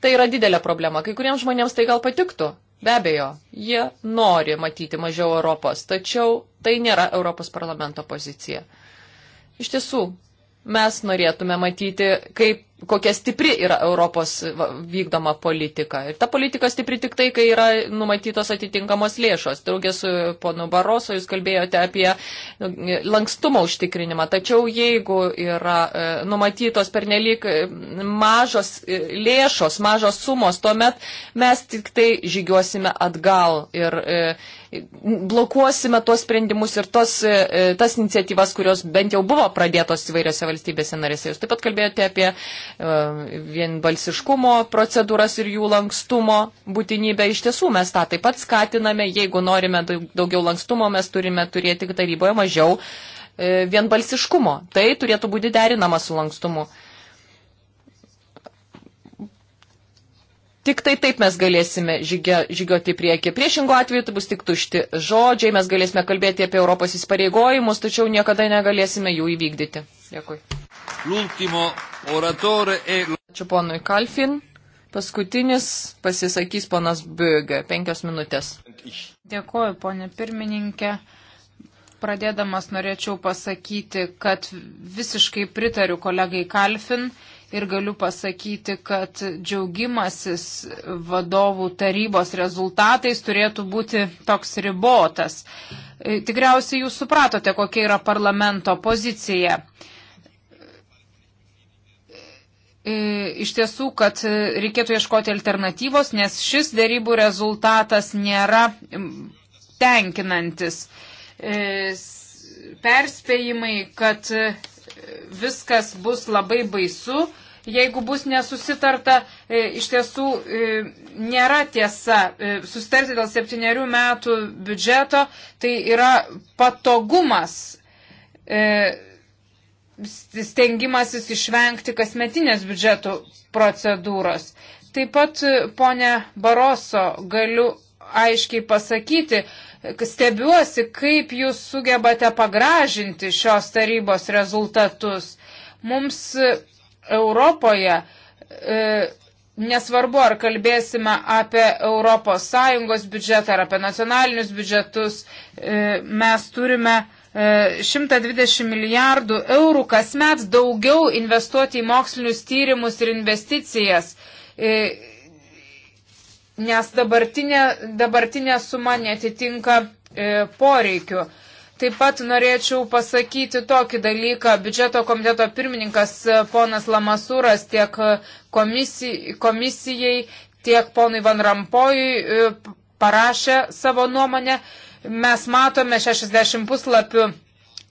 Tai yra didelė problema. Kai kuriems žmonėms tai gal patiktų. Be abejo, jie nori matyti mažiau Europos, tačiau tai nėra Europos parlamento pozicija. Iš tiesų, mes norėtume matyti, kaip, kokia stipri yra Europos vykdoma politika. Ir ta politika stipri tik tai, kai yra numatytos atitinkamos lėšos. Draugės su ponu Baroso jūs kalbėjote apie nu, lankstumo užtikrinimą. Tačiau jeigu yra e, numatytos pernelyg e, mažos e, lėšos, mažos sumos, tuomet mes tik tai žygiuosime atgal ir blokuosime tuos sprendimus ir tos, e, e, tas iniciatyvas, kurios bent jau buvo pradėtos įvairiose valstybėse narėse. Jūs taip pat kalbėjote apie e, vienbalsiškumo procedūras ir jų lankstumo būtinybę. Iš tiesų mes tą taip pat skatiname. Jeigu norime daugiau lankstumo, mes turime turėti taryboje mažiau vienbalsiškumo. Tai turėtų būti derinama su lankstumu. Tik tai taip mes galėsime žygia, žygioti į priekį. Priešingų atveju tai bus tik tušti žodžiai, mes galėsime kalbėti apie Europos įsipareigojimus, tačiau niekada negalėsime jų įvykdyti. Dėkui. E... Ačiū ponui Kalfin. Paskutinis pasisakys ponas Bögė. Penkios minutės. Dėkuoju, ponė pirmininkė. Pradėdamas norėčiau pasakyti, kad visiškai pritariu kolegai Kalfin ir galiu pasakyti, kad džiaugimasis vadovų tarybos rezultatais turėtų būti toks ribotas. E, Tikriausiai jūs supratote, kokia yra parlamento pozicija. E, Iš tiesų, kad reikėtų ieškoti alternatyvos, nes šis dėrybų rezultatas nėra tenkinantis e, perspėjimai, kad viskas bus labai baisu, jeigu bus nesusitarta, e, iš tiesų e, nėra tiesa. E, Sustarti dėl septyniarių metų biudžeto tai yra patogumas stengimasis išvengti kasmetinės biudžeto procedūros. Taip pat, ponė Baroso, galiu aiškiai pasakyti, stebiuosi, kaip jūs sugebate pagražinti šios tarybos rezultatus. Mums e, Europoje e, Nesvarbu, ar kalbėsime apie ES biudžetą ar apie nacionalinius biudžetus, e, mes turime 120 e, milijardų eurų kasmet daugiau investuoti į mokslinius tyrimus ir investicijas nes dabartinė, dabartinė suma netitinka e, poreikiu. Taip pat norėčiau pasakyti tokį dalyką. Biudžeto komiteto pirmininkas e, ponas Lamasūras tiek e, komisijai, komisijai tiek ponui Van Rampojui e, parašė savo nuomonę. Mes matome 60 puslapių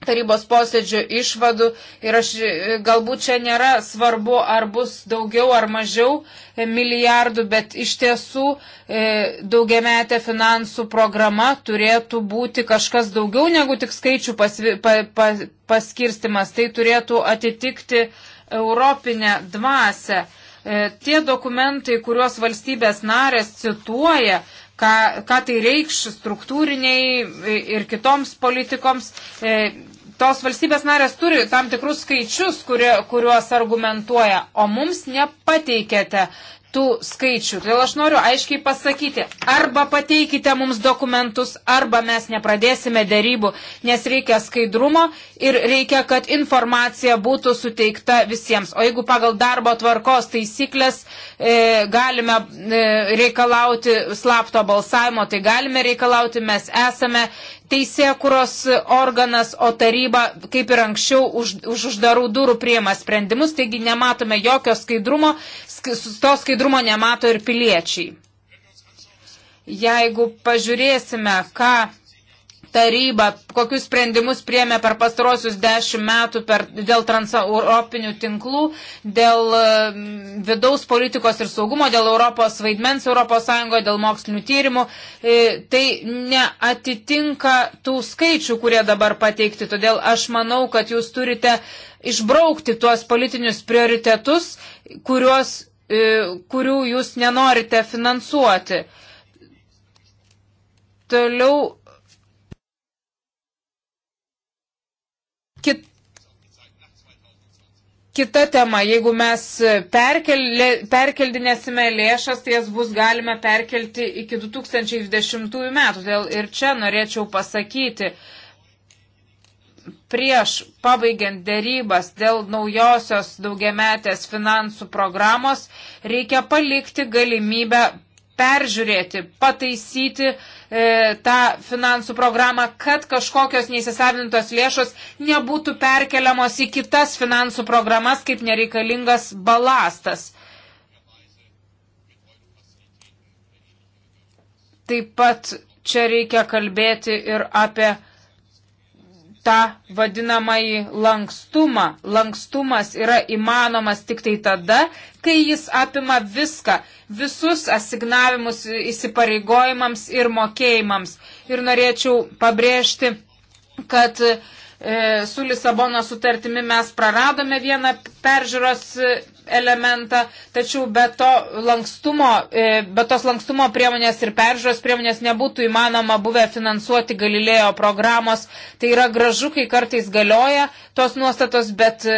tarybos posėdžių išvadų ir aš e, galbūt čia nėra svarbu, ar bus daugiau ar mažiau e, milijardų, bet iš tiesų e, daugiametė finansų programa turėtų būti kažkas daugiau negu tik skaičių pasvi, pa, pa, paskirstimas. Tai turėtų atitikti europinę dvasę. Tie dokumentai, kuriuos valstybės narės cituoja, ką, ką tai reikš struktūriniai ir kitoms politikoms, tos valstybės narės turi tam tikrus skaičius, kurie, kuriuos argumentuoja, o mums nepateikėte tų skaičių. Todėl aš noriu aiškiai pasakyti, arba pateikite mums dokumentus, arba mes nepradėsime dėrybų, nes reikia skaidrumo ir reikia, kad informacija būtų suteikta visiems. O jeigu pagal darbo tvarkos taisyklės e, galime e, reikalauti slapto balsavimo, tai galime reikalauti, mes esame teisėkuros organas, o taryba, kaip ir anksčiau, už, už uždarų durų priema sprendimus, taigi nematome jokio skaidrumo, sk, to skaidrumo nemato ir piliečiai. Jeigu pažiūrėsime, ką taryba, kokius sprendimus priemė per pastarosius dešimt metų per, dėl transeuropinių tinklų, dėl mm, vidaus politikos ir saugumo, dėl Europos vaidmens Europos Sąjungoje, dėl mokslinių tyrimų, e, tai neatitinka tų skaičių, kurie dabar pateikti. Todėl aš manau, kad jūs turite išbraukti tuos politinius prioritetus, kuriuos, e, kurių jūs nenorite finansuoti. Toliau kita tema, jeigu mes perkel, perkeldinėsime lėšas, tai jas bus galima perkelti iki 2020 metų. Dėl ir čia norėčiau pasakyti, prieš pabaigiant dėrybas dėl naujosios daugiametės finansų programos, reikia palikti galimybę peržiūrėti, pataisyti e, tą finansų programą, kad kažkokios neįsisavintos lėšos nebūtų perkeliamos į kitas finansų programas kaip nereikalingas balastas. Taip pat čia reikia kalbėti ir apie tą vadinamąjį lankstumą. Lankstumas yra įmanomas tik tai tada, kai jis apima viską, visus asignavimus įsipareigojimams ir mokėjimams. Ir norėčiau pabrėžti, kad E, su Lisabono sutartimi mes praradome vieną peržiūros e, elementą, tačiau be, to lankstumo, e, be tos lankstumo priemonės ir peržiūros priemonės nebūtų įmanoma buvę finansuoti Galilėjo programos. Tai yra gražu, kai kartais galioja tos nuostatos, bet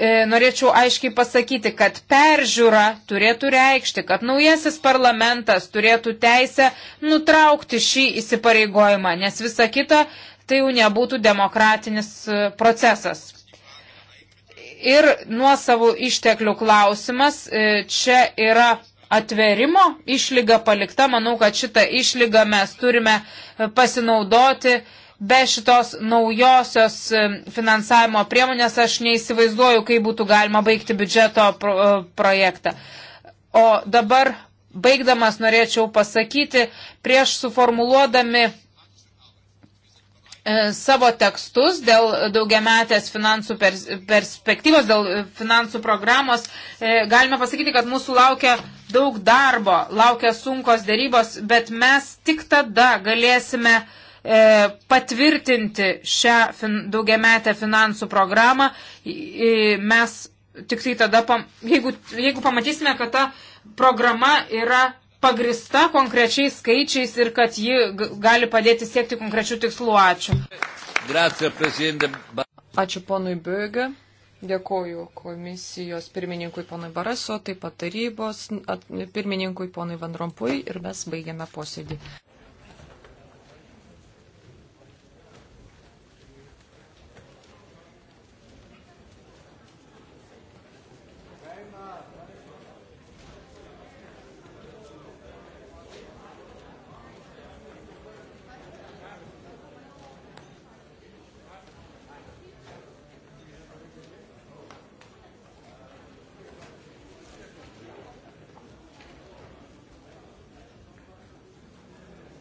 norėčiau aiškiai pasakyti, kad peržiūra turėtų reikšti, kad naujasis parlamentas turėtų teisę nutraukti šį įsipareigojimą, nes visa kita tai jau nebūtų demokratinis e, procesas. Ir nuo savo išteklių klausimas e, čia yra atverimo išlyga palikta. Manau, kad šitą išlygą mes turime e, pasinaudoti. Be šitos naujosios finansavimo priemonės aš neįsivaizduoju, kaip būtų galima baigti biudžeto projektą. O dabar, baigdamas, norėčiau pasakyti, prieš suformuluodami E, savo tekstus dėl daugiametės finansų pers perspektyvos, dėl finansų programos. E, galime pasakyti, kad mūsų laukia daug darbo, laukia sunkos dėrybos, bet mes tik tada galėsime e, patvirtinti šią fin daugiametę finansų programą. Mes tik tai tada, jeigu, jeigu pamatysime, kad ta programa yra pagrista konkrečiais skaičiais ir kad ji gali padėti siekti konkrečių tikslų. Ačiū. Grazie, Ačiū ponui Bögė. Dėkoju komisijos pirmininkui ponui Baraso, taip pat tarybos pirmininkui ponui Vandrompui ir mes baigiame posėdį.